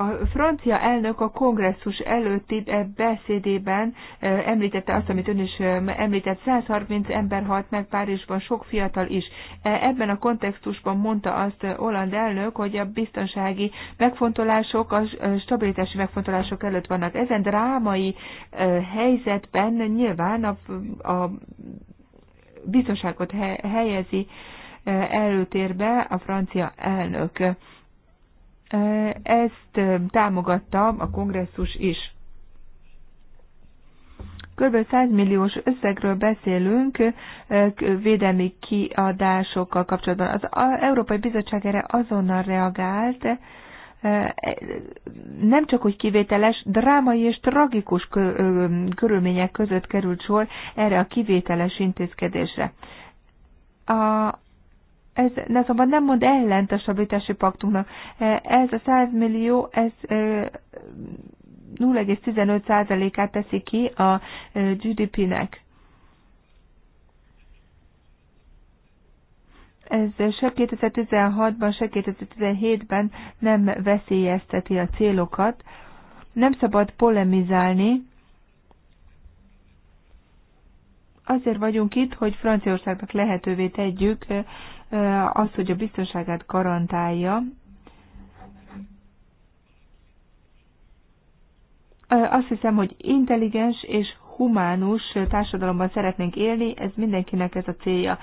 a francia elnök a kongresszus előtti eh, beszédében eh, említette azt, amit ön is eh, említett, 130 ember halt meg Párizsban, sok fiatal is. E, ebben a kontextusban mondta azt Holland elnök, hogy a biztonsági megfontolások, a stabilitási megfontolások előtt vannak. Ezen drámai helyzetben nyilván a, a biztonságot helyezi előtérbe a francia elnök. Ezt támogatta a kongresszus is. Kb. 100 milliós összegről beszélünk védelmi kiadásokkal kapcsolatban. Az Európai Bizottság erre azonnal reagált, e, nem csak hogy kivételes, drámai és tragikus körülmények között került sor erre a kivételes intézkedésre. A ez szóval nem mond ellent a stabilitási paktunknak. E, ez a 100 millió, ez 0,15%-át e, teszi ki a e, GDP-nek. Ez se 2016-ban, se 2017-ben nem veszélyezteti a célokat. Nem szabad polemizálni. Azért vagyunk itt, hogy Franciaországnak lehetővé tegyük az, hogy a biztonságát garantálja, azt hiszem, hogy intelligens és humánus társadalomban szeretnénk élni, ez mindenkinek ez a célja.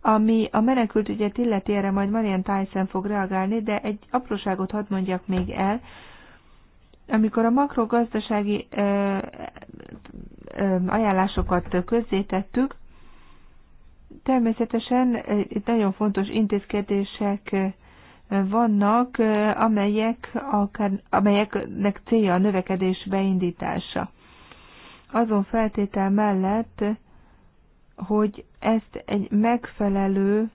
Ami a menekült, ügyet illeti, erre majd Marian Tyson fog reagálni, de egy apróságot hadd mondjak még el. Amikor a makrogazdasági ö, ö, ajánlásokat közzétettük, Természetesen eh, itt nagyon fontos intézkedések eh, vannak, eh, amelyek akár, amelyeknek célja a növekedés beindítása. Azon feltétel mellett, hogy ezt egy megfelelő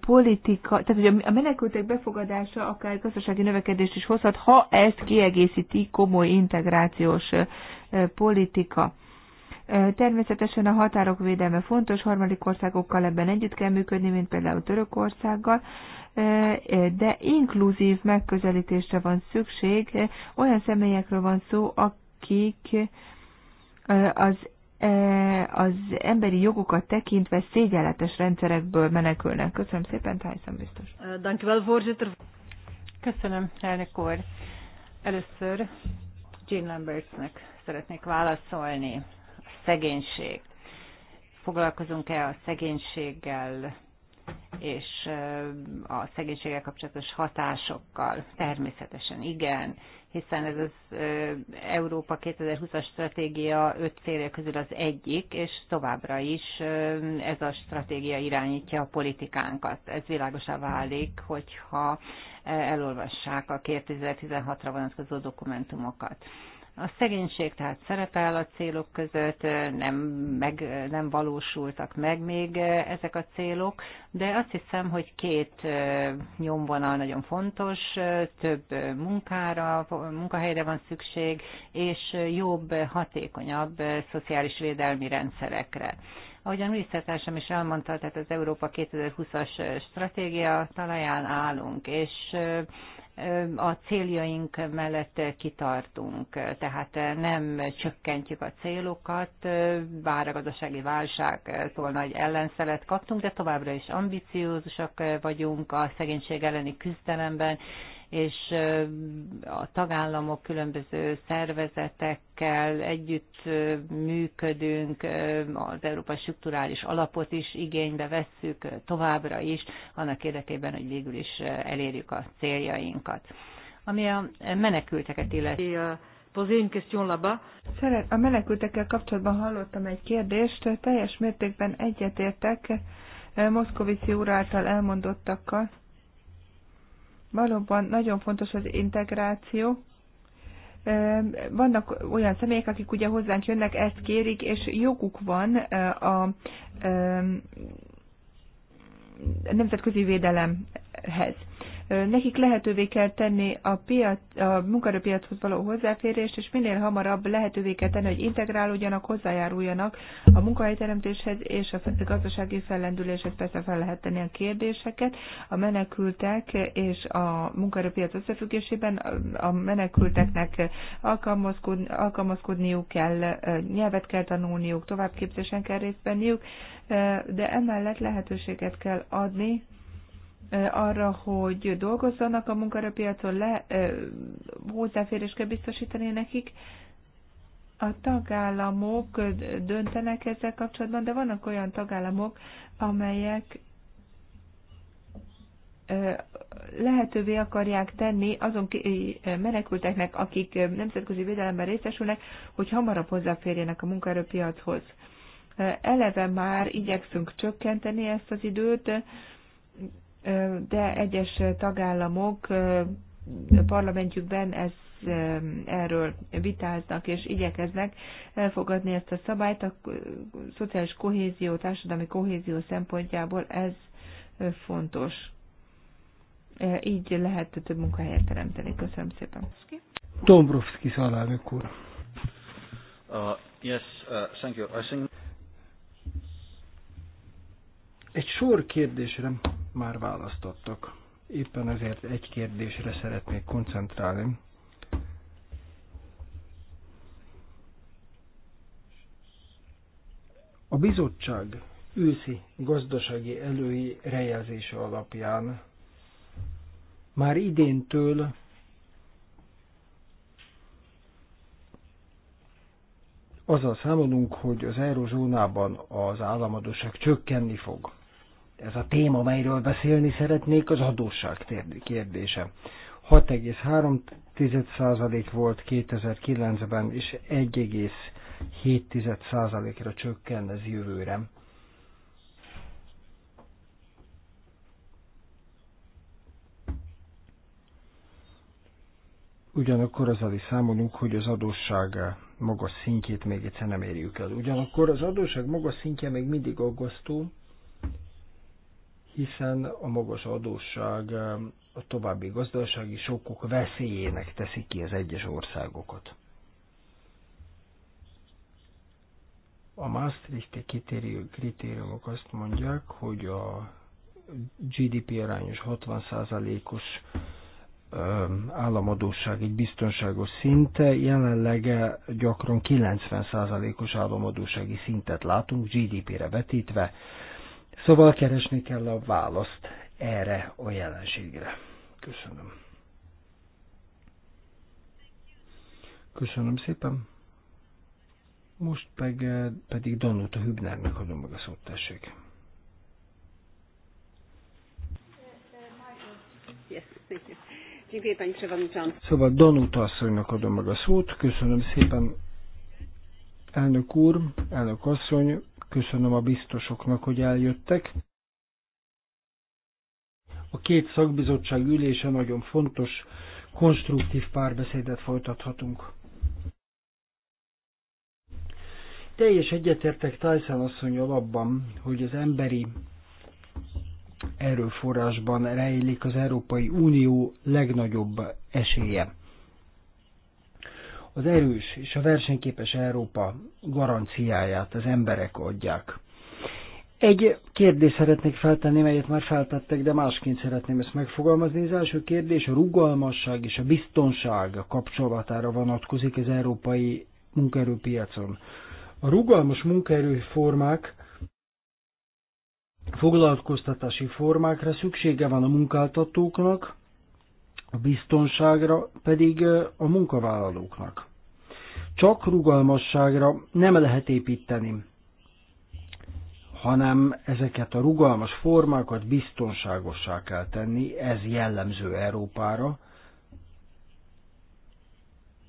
politika, tehát hogy a menekültek befogadása akár gazdasági növekedést is hozhat, ha ezt kiegészíti komoly integrációs politika. Természetesen a határok védelme fontos, harmadik országokkal ebben együtt kell működni, mint például Törökországgal, de inkluzív megközelítésre van szükség. Olyan személyekről van szó, akik az az emberi jogokat tekintve szégyenletes rendszerekből menekülnek. Köszönöm szépen, Tyson
biztos. Köszönöm, elnök úr. Először Jean Lambertsnek szeretnék válaszolni szegénység. Foglalkozunk-e a szegénységgel és a szegénységgel kapcsolatos hatásokkal? Természetesen igen, hiszen ez az Európa 2020-as stratégia öt célja közül az egyik, és továbbra is ez a stratégia irányítja a politikánkat. Ez világosá válik, hogyha elolvassák a 2016-ra vonatkozó dokumentumokat. A szegénység tehát szerepel a célok között, nem, meg, nem valósultak meg még ezek a célok, de azt hiszem, hogy két nyomvonal nagyon fontos, több munkára, munkahelyre van szükség, és jobb, hatékonyabb szociális védelmi rendszerekre. Ahogyan minisztertársam is elmondta, tehát az Európa 2020-as stratégia talaján állunk, és a céljaink mellett kitartunk, tehát nem csökkentjük a célokat, bár a gazdasági válságtól nagy ellenszelet kaptunk, de továbbra is ambiciózusak vagyunk a szegénység elleni küzdelemben, és a tagállamok különböző szervezetekkel együtt működünk, az európai strukturális alapot is igénybe vesszük továbbra is, annak érdekében, hogy végül is elérjük a céljainkat. Ami a menekülteket illeti.
Szeret, a menekültekkel kapcsolatban hallottam egy kérdést, teljes mértékben egyetértek Moszkovici úr által elmondottakkal. Valóban nagyon fontos az integráció. Vannak olyan személyek, akik ugye hozzánk jönnek, ezt kérik, és joguk van a, a nemzetközi védelemhez. Nekik lehetővé kell tenni a, piac, a munkaerőpiachoz való hozzáférést, és minél hamarabb lehetővé kell tenni, hogy integrálódjanak, hozzájáruljanak a munkahelyteremtéshez és a gazdasági fellendüléshez. Persze fel lehet tenni a kérdéseket a menekültek és a munkaerőpiac összefüggésében. A menekülteknek alkalmazkodni, alkalmazkodniuk kell, nyelvet kell tanulniuk, továbbképzésen kell részt venniük, de emellett lehetőséget kell adni arra, hogy dolgozzanak a munkarapiacon, le, hozzáférés kell biztosítani nekik. A tagállamok döntenek ezzel kapcsolatban, de vannak olyan tagállamok, amelyek lehetővé akarják tenni azon menekülteknek, akik nemzetközi védelemben részesülnek, hogy hamarabb hozzáférjenek a munkaerőpiachoz. Eleve már igyekszünk csökkenteni ezt az időt, de egyes tagállamok parlamentjükben ez erről vitáznak és igyekeznek elfogadni ezt a szabályt, a szociális kohézió, társadalmi kohézió szempontjából ez fontos. Így lehet több munkahelyet teremteni. Köszönöm szépen. Dombrovski alelnök úr.
Uh, uh, Egy sor kérdésre már választottak. Éppen ezért egy kérdésre szeretnék koncentrálni. A bizottság őszi gazdasági elői rejelzése alapján már idéntől azzal számolunk, hogy az eurozónában az államadóság csökkenni fog ez a téma, melyről beszélni szeretnék, az adósság kérdése. 6,3% volt 2009-ben, és 1,7%-ra csökken ez jövőre. Ugyanakkor azzal is számolunk, hogy az adósság magas szintjét még egyszer nem érjük el. Ugyanakkor az adósság magas szintje még mindig aggasztó, hiszen a magas adósság a további gazdasági sokkok veszélyének teszi ki az egyes országokat. A Maastrichti kritériumok azt mondják, hogy a GDP arányos 60%-os államadóság egy biztonságos szint, jelenleg gyakran 90%-os államadósági szintet látunk GDP-re vetítve, Szóval keresni kell a választ erre a jelenségre. Köszönöm. Köszönöm szépen. Most peg, eh, pedig a Hübnernek adom meg a szót, tessék. Szóval Danuta asszonynak adom meg a szót. Köszönöm szépen, elnök úr, elnök asszony, Köszönöm a biztosoknak, hogy eljöttek. A két szakbizottság ülése nagyon fontos, konstruktív párbeszédet folytathatunk. Teljes egyetértek Tyson asszonyal abban, hogy az emberi erőforrásban rejlik az Európai Unió legnagyobb esélye az erős és a versenyképes Európa garanciáját az emberek adják. Egy kérdést szeretnék feltenni, melyet már feltettek, de másként szeretném ezt megfogalmazni. Az első kérdés a rugalmasság és a biztonság kapcsolatára vonatkozik az európai munkaerőpiacon. A rugalmas munkaerőformák foglalkoztatási formákra szüksége van a munkáltatóknak, a biztonságra pedig a munkavállalóknak csak rugalmasságra nem lehet építeni, hanem ezeket a rugalmas formákat biztonságossá kell tenni, ez jellemző Európára,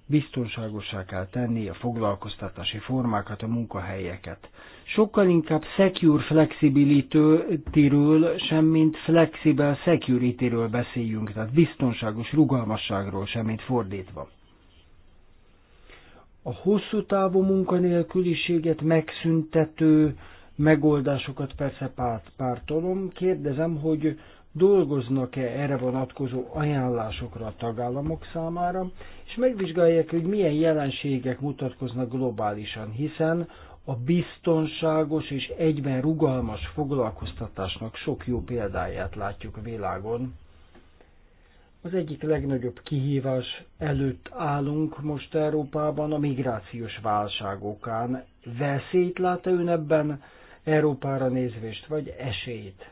biztonságosá kell tenni a foglalkoztatási formákat, a munkahelyeket. Sokkal inkább secure flexibility-ről, semmint flexible security-ről beszéljünk, tehát biztonságos rugalmasságról, semmint fordítva a hosszú távú munkanélküliséget megszüntető megoldásokat persze párt, pártolom. Kérdezem, hogy dolgoznak-e erre vonatkozó ajánlásokra a tagállamok számára, és megvizsgálják, hogy milyen jelenségek mutatkoznak globálisan, hiszen a biztonságos és egyben rugalmas foglalkoztatásnak sok jó példáját látjuk a világon. Az egyik legnagyobb kihívás előtt állunk most Európában a migrációs válságokán. Veszélyt lát -e ön ebben Európára nézvést, vagy esélyt?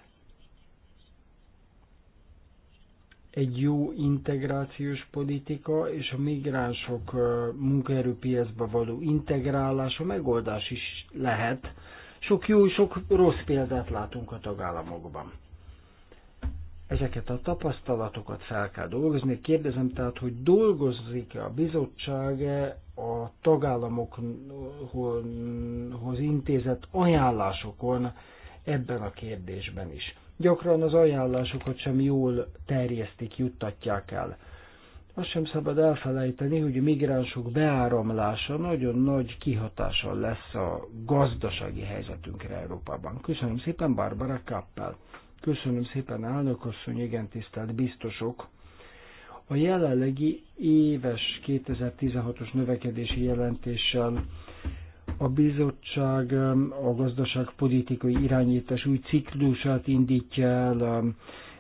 Egy jó integrációs politika és a migránsok munkaerőpiacba való integrálása megoldás is lehet. Sok jó, sok rossz példát látunk a tagállamokban. Ezeket a tapasztalatokat fel kell dolgozni. Kérdezem tehát, hogy dolgozik-e a bizottság a tagállamokhoz intézett ajánlásokon ebben a kérdésben is. Gyakran az ajánlásokat sem jól terjesztik, juttatják el. Azt sem szabad elfelejteni, hogy a migránsok beáramlása nagyon nagy kihatással lesz a gazdasági helyzetünkre Európában. Köszönöm szépen, Barbara Kappel. Köszönöm szépen, elnök asszony, igen, tisztelt biztosok. A jelenlegi éves 2016-os növekedési jelentéssel a bizottság a gazdaságpolitikai irányítás új ciklusát indítja el,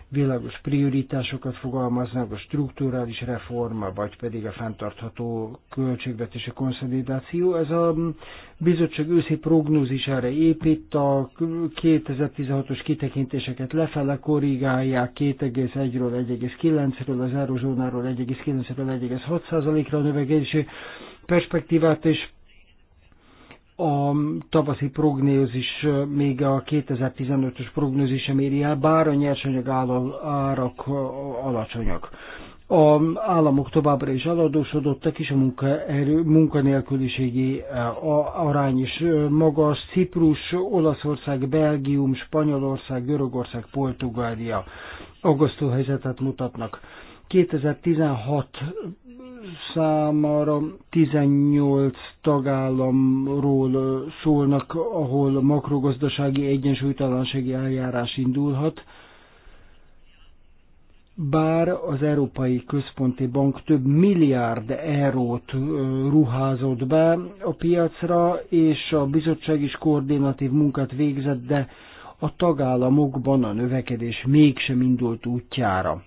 világos prioritásokat fogalmaznak a struktúrális reforma, vagy pedig a fenntartható költségvetési konszolidáció. Ez a bizottság őszi prognózisára épít, a 2016-os kitekintéseket lefele korrigálják 2,1-ről 1,9-ről, az eurozónáról 1,9-ről 1,6%-ra a növekedési perspektívát, és a tavaszi prognózis még a 2015-ös prognózis sem éri el, bár a nyersanyag árak alacsonyak. A államok továbbra is eladósodottak, és a munkaerő, munkanélküliségi arány is magas. Ciprus, Olaszország, Belgium, Spanyolország, Görögország, Portugália augusztó helyzetet mutatnak. 2016 számára 18 tagállamról szólnak, ahol makrogazdasági egyensúlytalansági eljárás indulhat, bár az Európai Központi Bank több milliárd eurót ruházott be a piacra, és a bizottság is koordinatív munkát végzett, de a tagállamokban a növekedés mégsem indult útjára.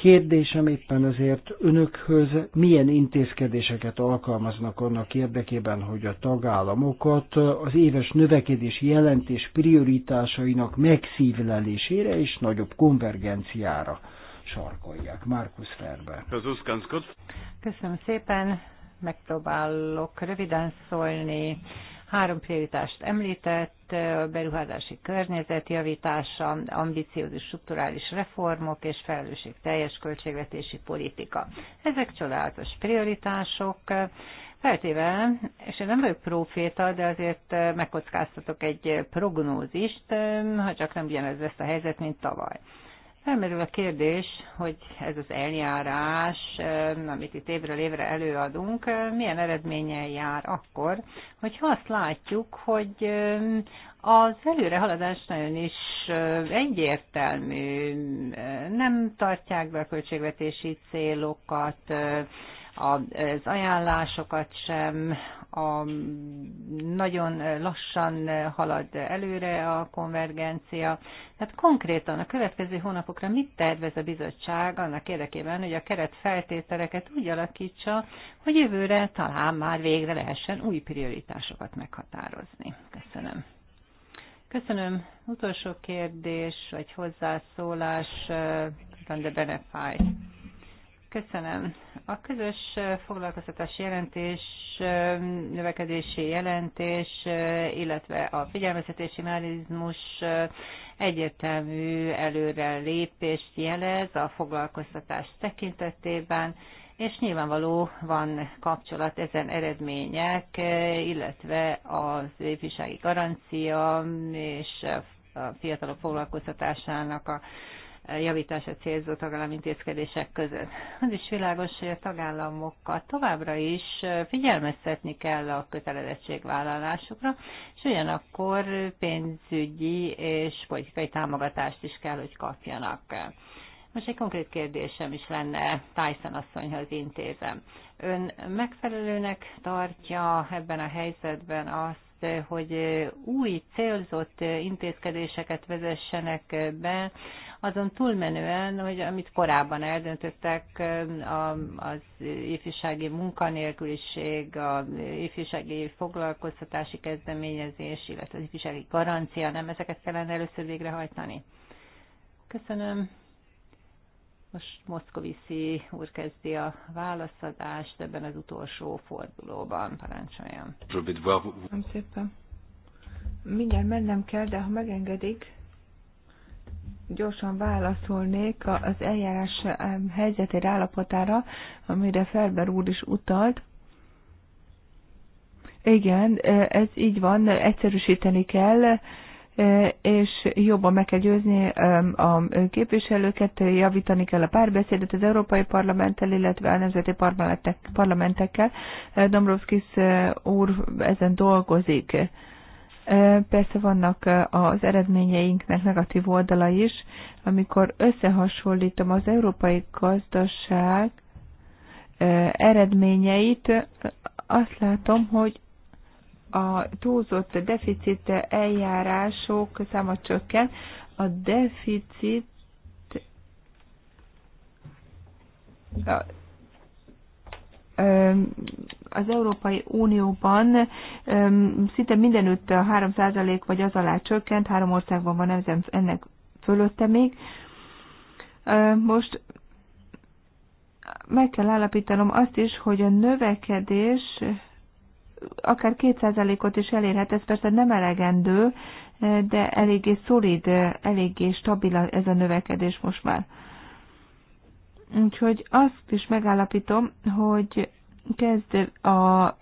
Kérdésem éppen azért önökhöz milyen intézkedéseket alkalmaznak annak érdekében, hogy a tagállamokat az éves növekedés jelentés prioritásainak megszívlelésére és nagyobb konvergenciára sarkolják. Markus Ferbe.
Köszönöm szépen, megpróbálok röviden szólni. Három prioritást említett, a beruházási környezet javítása, ambiciózus strukturális reformok és felelősség teljes költségvetési politika. Ezek csodálatos prioritások. Feltéve, és én nem vagyok proféta, de azért megkockáztatok egy prognózist, ha csak nem ugyanez lesz a helyzet, mint tavaly. Felmerül a kérdés, hogy ez az eljárás, eh, amit itt évről évre előadunk, eh, milyen eredménnyel jár akkor, hogyha azt látjuk, hogy eh, az előrehaladás nagyon is egyértelmű, nem tartják be a költségvetési célokat, az ajánlásokat sem, a nagyon lassan halad előre a konvergencia. Tehát konkrétan a következő hónapokra mit tervez a bizottság annak érdekében, hogy a keret feltételeket úgy alakítsa, hogy jövőre talán már végre lehessen új prioritásokat meghatározni. Köszönöm. Köszönöm. Utolsó kérdés, vagy hozzászólás, Van de Benefáj. Köszönöm. A közös foglalkoztatás jelentés, növekedési jelentés, illetve a figyelmeztetési mechanizmus egyértelmű előre lépést jelez a foglalkoztatás tekintetében, és nyilvánvaló van kapcsolat ezen eredmények, illetve az ifjúsági garancia és a fiatalok foglalkoztatásának a javítása célzó tagállam intézkedések között. Az is világos, hogy a tagállamokat továbbra is figyelmeztetni kell a kötelezettségvállalásukra, és ugyanakkor pénzügyi és politikai támogatást is kell, hogy kapjanak. Most egy konkrét kérdésem is lenne Tyson asszonyhoz intézem. Ön megfelelőnek tartja ebben a helyzetben azt, hogy új célzott intézkedéseket vezessenek be azon túlmenően, hogy amit korábban eldöntöttek, az ifjúsági munkanélküliség, a ifjúsági foglalkoztatási kezdeményezés, illetve az ifjúsági garancia, nem ezeket kellene először végrehajtani? Köszönöm. Most Moszkoviszi úr kezdi a válaszadást ebben az utolsó
fordulóban. Parancsoljon. Köszönöm szépen. Mindjárt mennem kell, de ha megengedik, gyorsan válaszolnék az eljárás helyzetére, állapotára, amire Ferber úr is utalt. Igen, e, ez így van, egyszerűsíteni kell, e, és jobban meg kell győzni a képviselőket, javítani kell a párbeszédet az Európai Parlamenttel, illetve a nemzeti parlamentekkel. E, Dombrovskis úr ezen dolgozik Persze vannak az eredményeinknek negatív oldala is, amikor összehasonlítom az európai gazdaság eredményeit, azt látom, hogy a túlzott deficit eljárások száma csökken, a deficit az Európai Unióban szinte mindenütt 3% vagy az alá csökkent, három országban van ennek fölötte még. Most meg kell állapítanom azt is, hogy a növekedés akár 2%-ot is elérhet, ez persze nem elegendő, de eléggé szolid, eléggé stabil ez a növekedés most már. Úgyhogy azt is megállapítom, hogy kezd a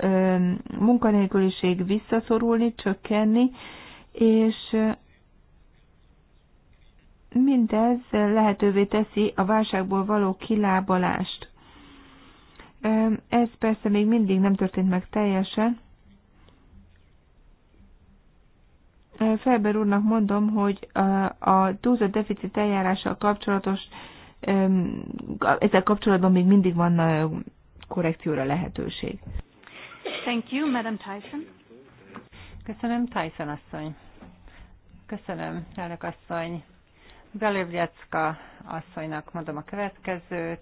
munkanélküliség visszaszorulni, csökkenni, és mindez lehetővé teszi a válságból való kilábalást. Ez persze még mindig nem történt meg teljesen. Felber úrnak mondom, hogy a túlzott deficit eljárással kapcsolatos ezzel kapcsolatban még mindig van korrekcióra lehetőség.
Thank you, Madam Tyson. Köszönöm, Tyson asszony. Köszönöm, elnök asszony. Belövgyecka asszonynak mondom a következőt.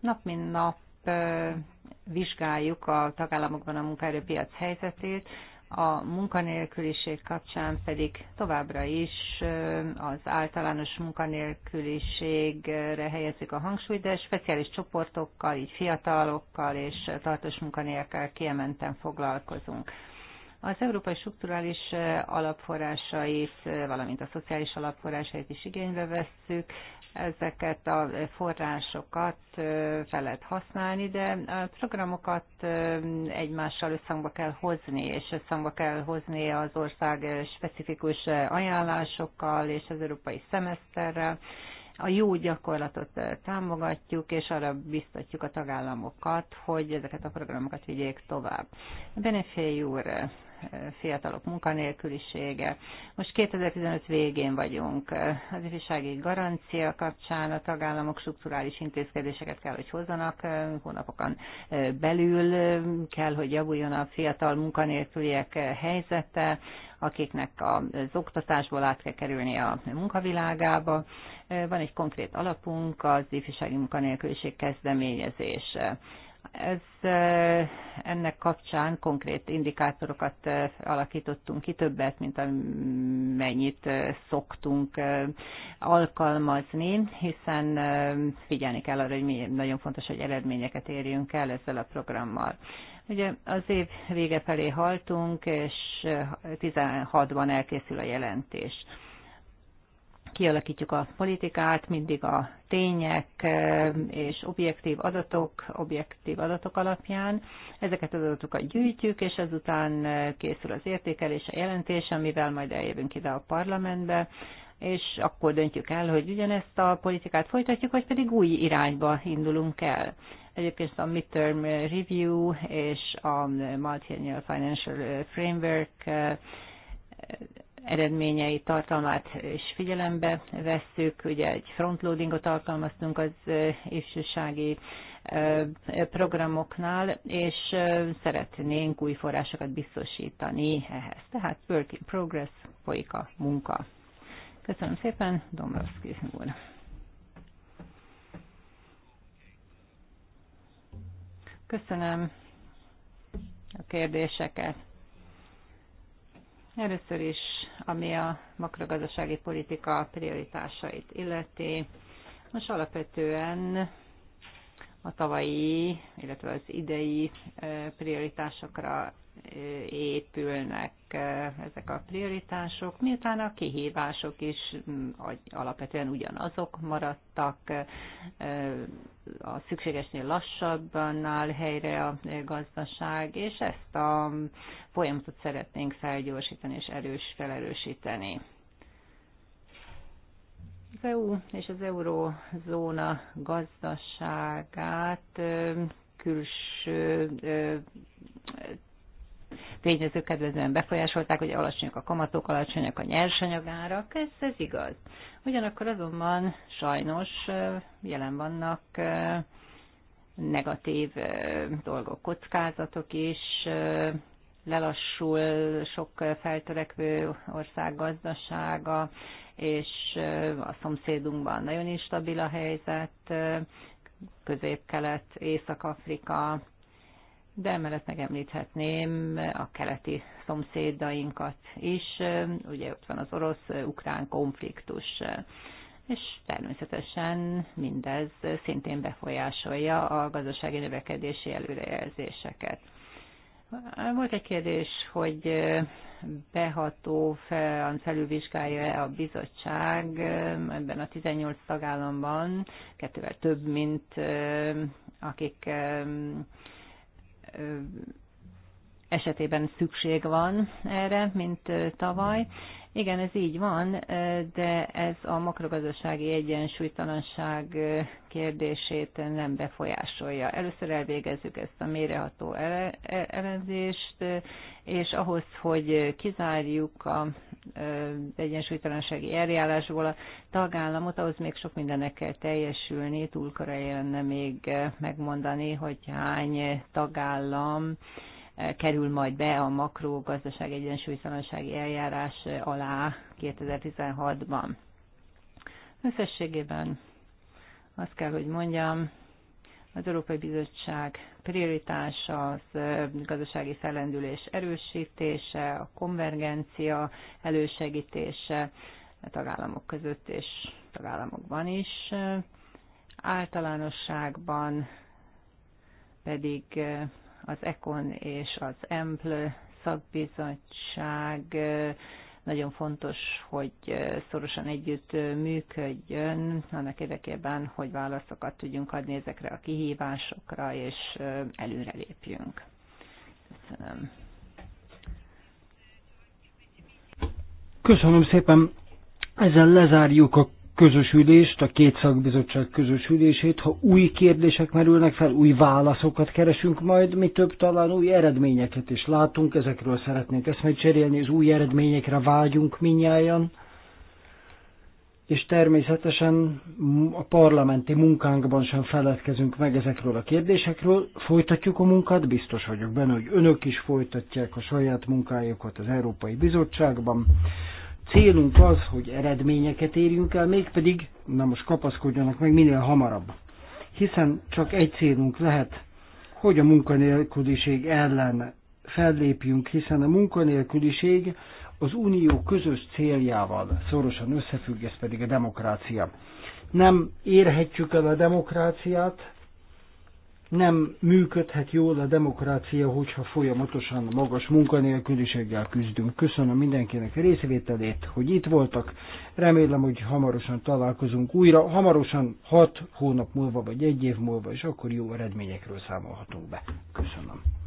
Nap mint nap vizsgáljuk a tagállamokban a munkaerőpiac helyzetét, a munkanélküliség kapcsán pedig továbbra is az általános munkanélküliségre helyezik a hangsúlyt, de speciális csoportokkal, így fiatalokkal és tartós munkanélkel kiementen foglalkozunk. Az európai strukturális alapforrásait, valamint a szociális alapforrásait is igénybe vesszük, ezeket a forrásokat fel lehet használni, de a programokat egymással összhangba kell hozni, és összhangba kell hozni az ország specifikus ajánlásokkal és az európai szemeszterrel. A jó gyakorlatot támogatjuk, és arra biztatjuk a tagállamokat, hogy ezeket a programokat vigyék tovább. Benefély úr, fiatalok munkanélkülisége. Most 2015 végén vagyunk. Az ifjúsági garancia kapcsán a tagállamok strukturális intézkedéseket kell, hogy hozzanak. Hónapokon belül kell, hogy javuljon a fiatal munkanélküliek helyzete, akiknek az oktatásból át kell kerülni a munkavilágába. Van egy konkrét alapunk, az ifjúsági munkanélküliség kezdeményezése ez, ennek kapcsán konkrét indikátorokat alakítottunk ki, többet, mint amennyit szoktunk alkalmazni, hiszen figyelni kell arra, hogy mi nagyon fontos, hogy eredményeket érjünk el ezzel a programmal. Ugye az év vége felé haltunk, és 16-ban elkészül a jelentés kialakítjuk a politikát, mindig a tények és objektív adatok, objektív adatok alapján. Ezeket az adatokat gyűjtjük, és ezután készül az értékelés, a jelentés, amivel majd eljövünk ide a parlamentbe, és akkor döntjük el, hogy ugyanezt a politikát folytatjuk, vagy pedig új irányba indulunk el. Egyébként a midterm review és a multi-annual financial framework eredményei, tartalmát is figyelembe vesszük. Ugye egy frontloadingot alkalmaztunk az ifjúsági programoknál, és szeretnénk új forrásokat biztosítani ehhez. Tehát work in progress, folyik a munka. Köszönöm szépen, Dombrovszki úr. Köszönöm a kérdéseket. Először is, ami a makrogazdasági politika prioritásait illeti, most alapvetően a tavalyi, illetve az idei eh, prioritásokra épülnek ezek a prioritások, miután a kihívások is alapvetően ugyanazok maradtak, a szükségesnél lassabban helyre a gazdaság, és ezt a folyamatot szeretnénk felgyorsítani és erős felerősíteni. Az EU és az eurózóna gazdaságát külső tényezők kedvezően befolyásolták, hogy alacsonyak a kamatok, alacsonyak a nyersanyagárak, ez, ez igaz. Ugyanakkor azonban sajnos jelen vannak negatív dolgok, kockázatok is, lelassul sok feltörekvő ország gazdasága, és a szomszédunkban nagyon instabil a helyzet, Közép-Kelet, Észak-Afrika, de emellett megemlíthetném a keleti szomszédainkat is, ugye ott van az orosz-ukrán konfliktus, és természetesen mindez szintén befolyásolja a gazdasági növekedési előrejelzéseket. Volt egy kérdés, hogy beható felülvizsgálja-e a bizottság ebben a 18 tagállamban, kettővel több, mint akik esetében szükség van erre, mint tavaly. Igen, ez így van, de ez a makrogazdasági egyensúlytalanság kérdését nem befolyásolja. Először elvégezzük ezt a méreható e-, elemzést, és ahhoz, hogy kizárjuk a egyensúlytalansági eljárásból a tagállamot, ahhoz még sok mindennek kell teljesülni, túl korai lenne még megmondani, hogy hány tagállam kerül majd be a makrogazdaság egyensúlytalansági eljárás alá 2016-ban. Összességében azt kell, hogy mondjam, az Európai Bizottság prioritása az gazdasági fellendülés erősítése, a konvergencia elősegítése a tagállamok között és tagállamokban is. Általánosságban pedig az ECON és az EMPL szakbizottság nagyon fontos, hogy szorosan együtt működjön annak érdekében, hogy válaszokat tudjunk adni ezekre a kihívásokra, és előrelépjünk. Köszönöm.
Köszönöm szépen. Ezzel lezárjuk a közös ülést, a két szakbizottság közös ülését, ha új kérdések merülnek fel, új válaszokat keresünk majd, mi több talán új eredményeket is látunk, ezekről szeretnénk majd cserélni, az új eredményekre vágyunk minnyáján, és természetesen a parlamenti munkánkban sem feledkezünk meg ezekről a kérdésekről, folytatjuk a munkát, biztos vagyok benne, hogy önök is folytatják a saját munkájukat az Európai Bizottságban, Célunk az, hogy eredményeket érjünk el, mégpedig, na most kapaszkodjanak meg minél hamarabb. Hiszen csak egy célunk lehet, hogy a munkanélküliség ellen fellépjünk, hiszen a munkanélküliség az unió közös céljával szorosan összefügg, ez pedig a demokrácia. Nem érhetjük el a demokráciát, nem működhet jól a demokrácia, hogyha folyamatosan magas munkanélküliséggel küzdünk. Köszönöm mindenkinek a részvételét, hogy itt voltak. Remélem, hogy hamarosan találkozunk újra, hamarosan hat hónap múlva, vagy egy év múlva, és akkor jó eredményekről számolhatunk be. Köszönöm.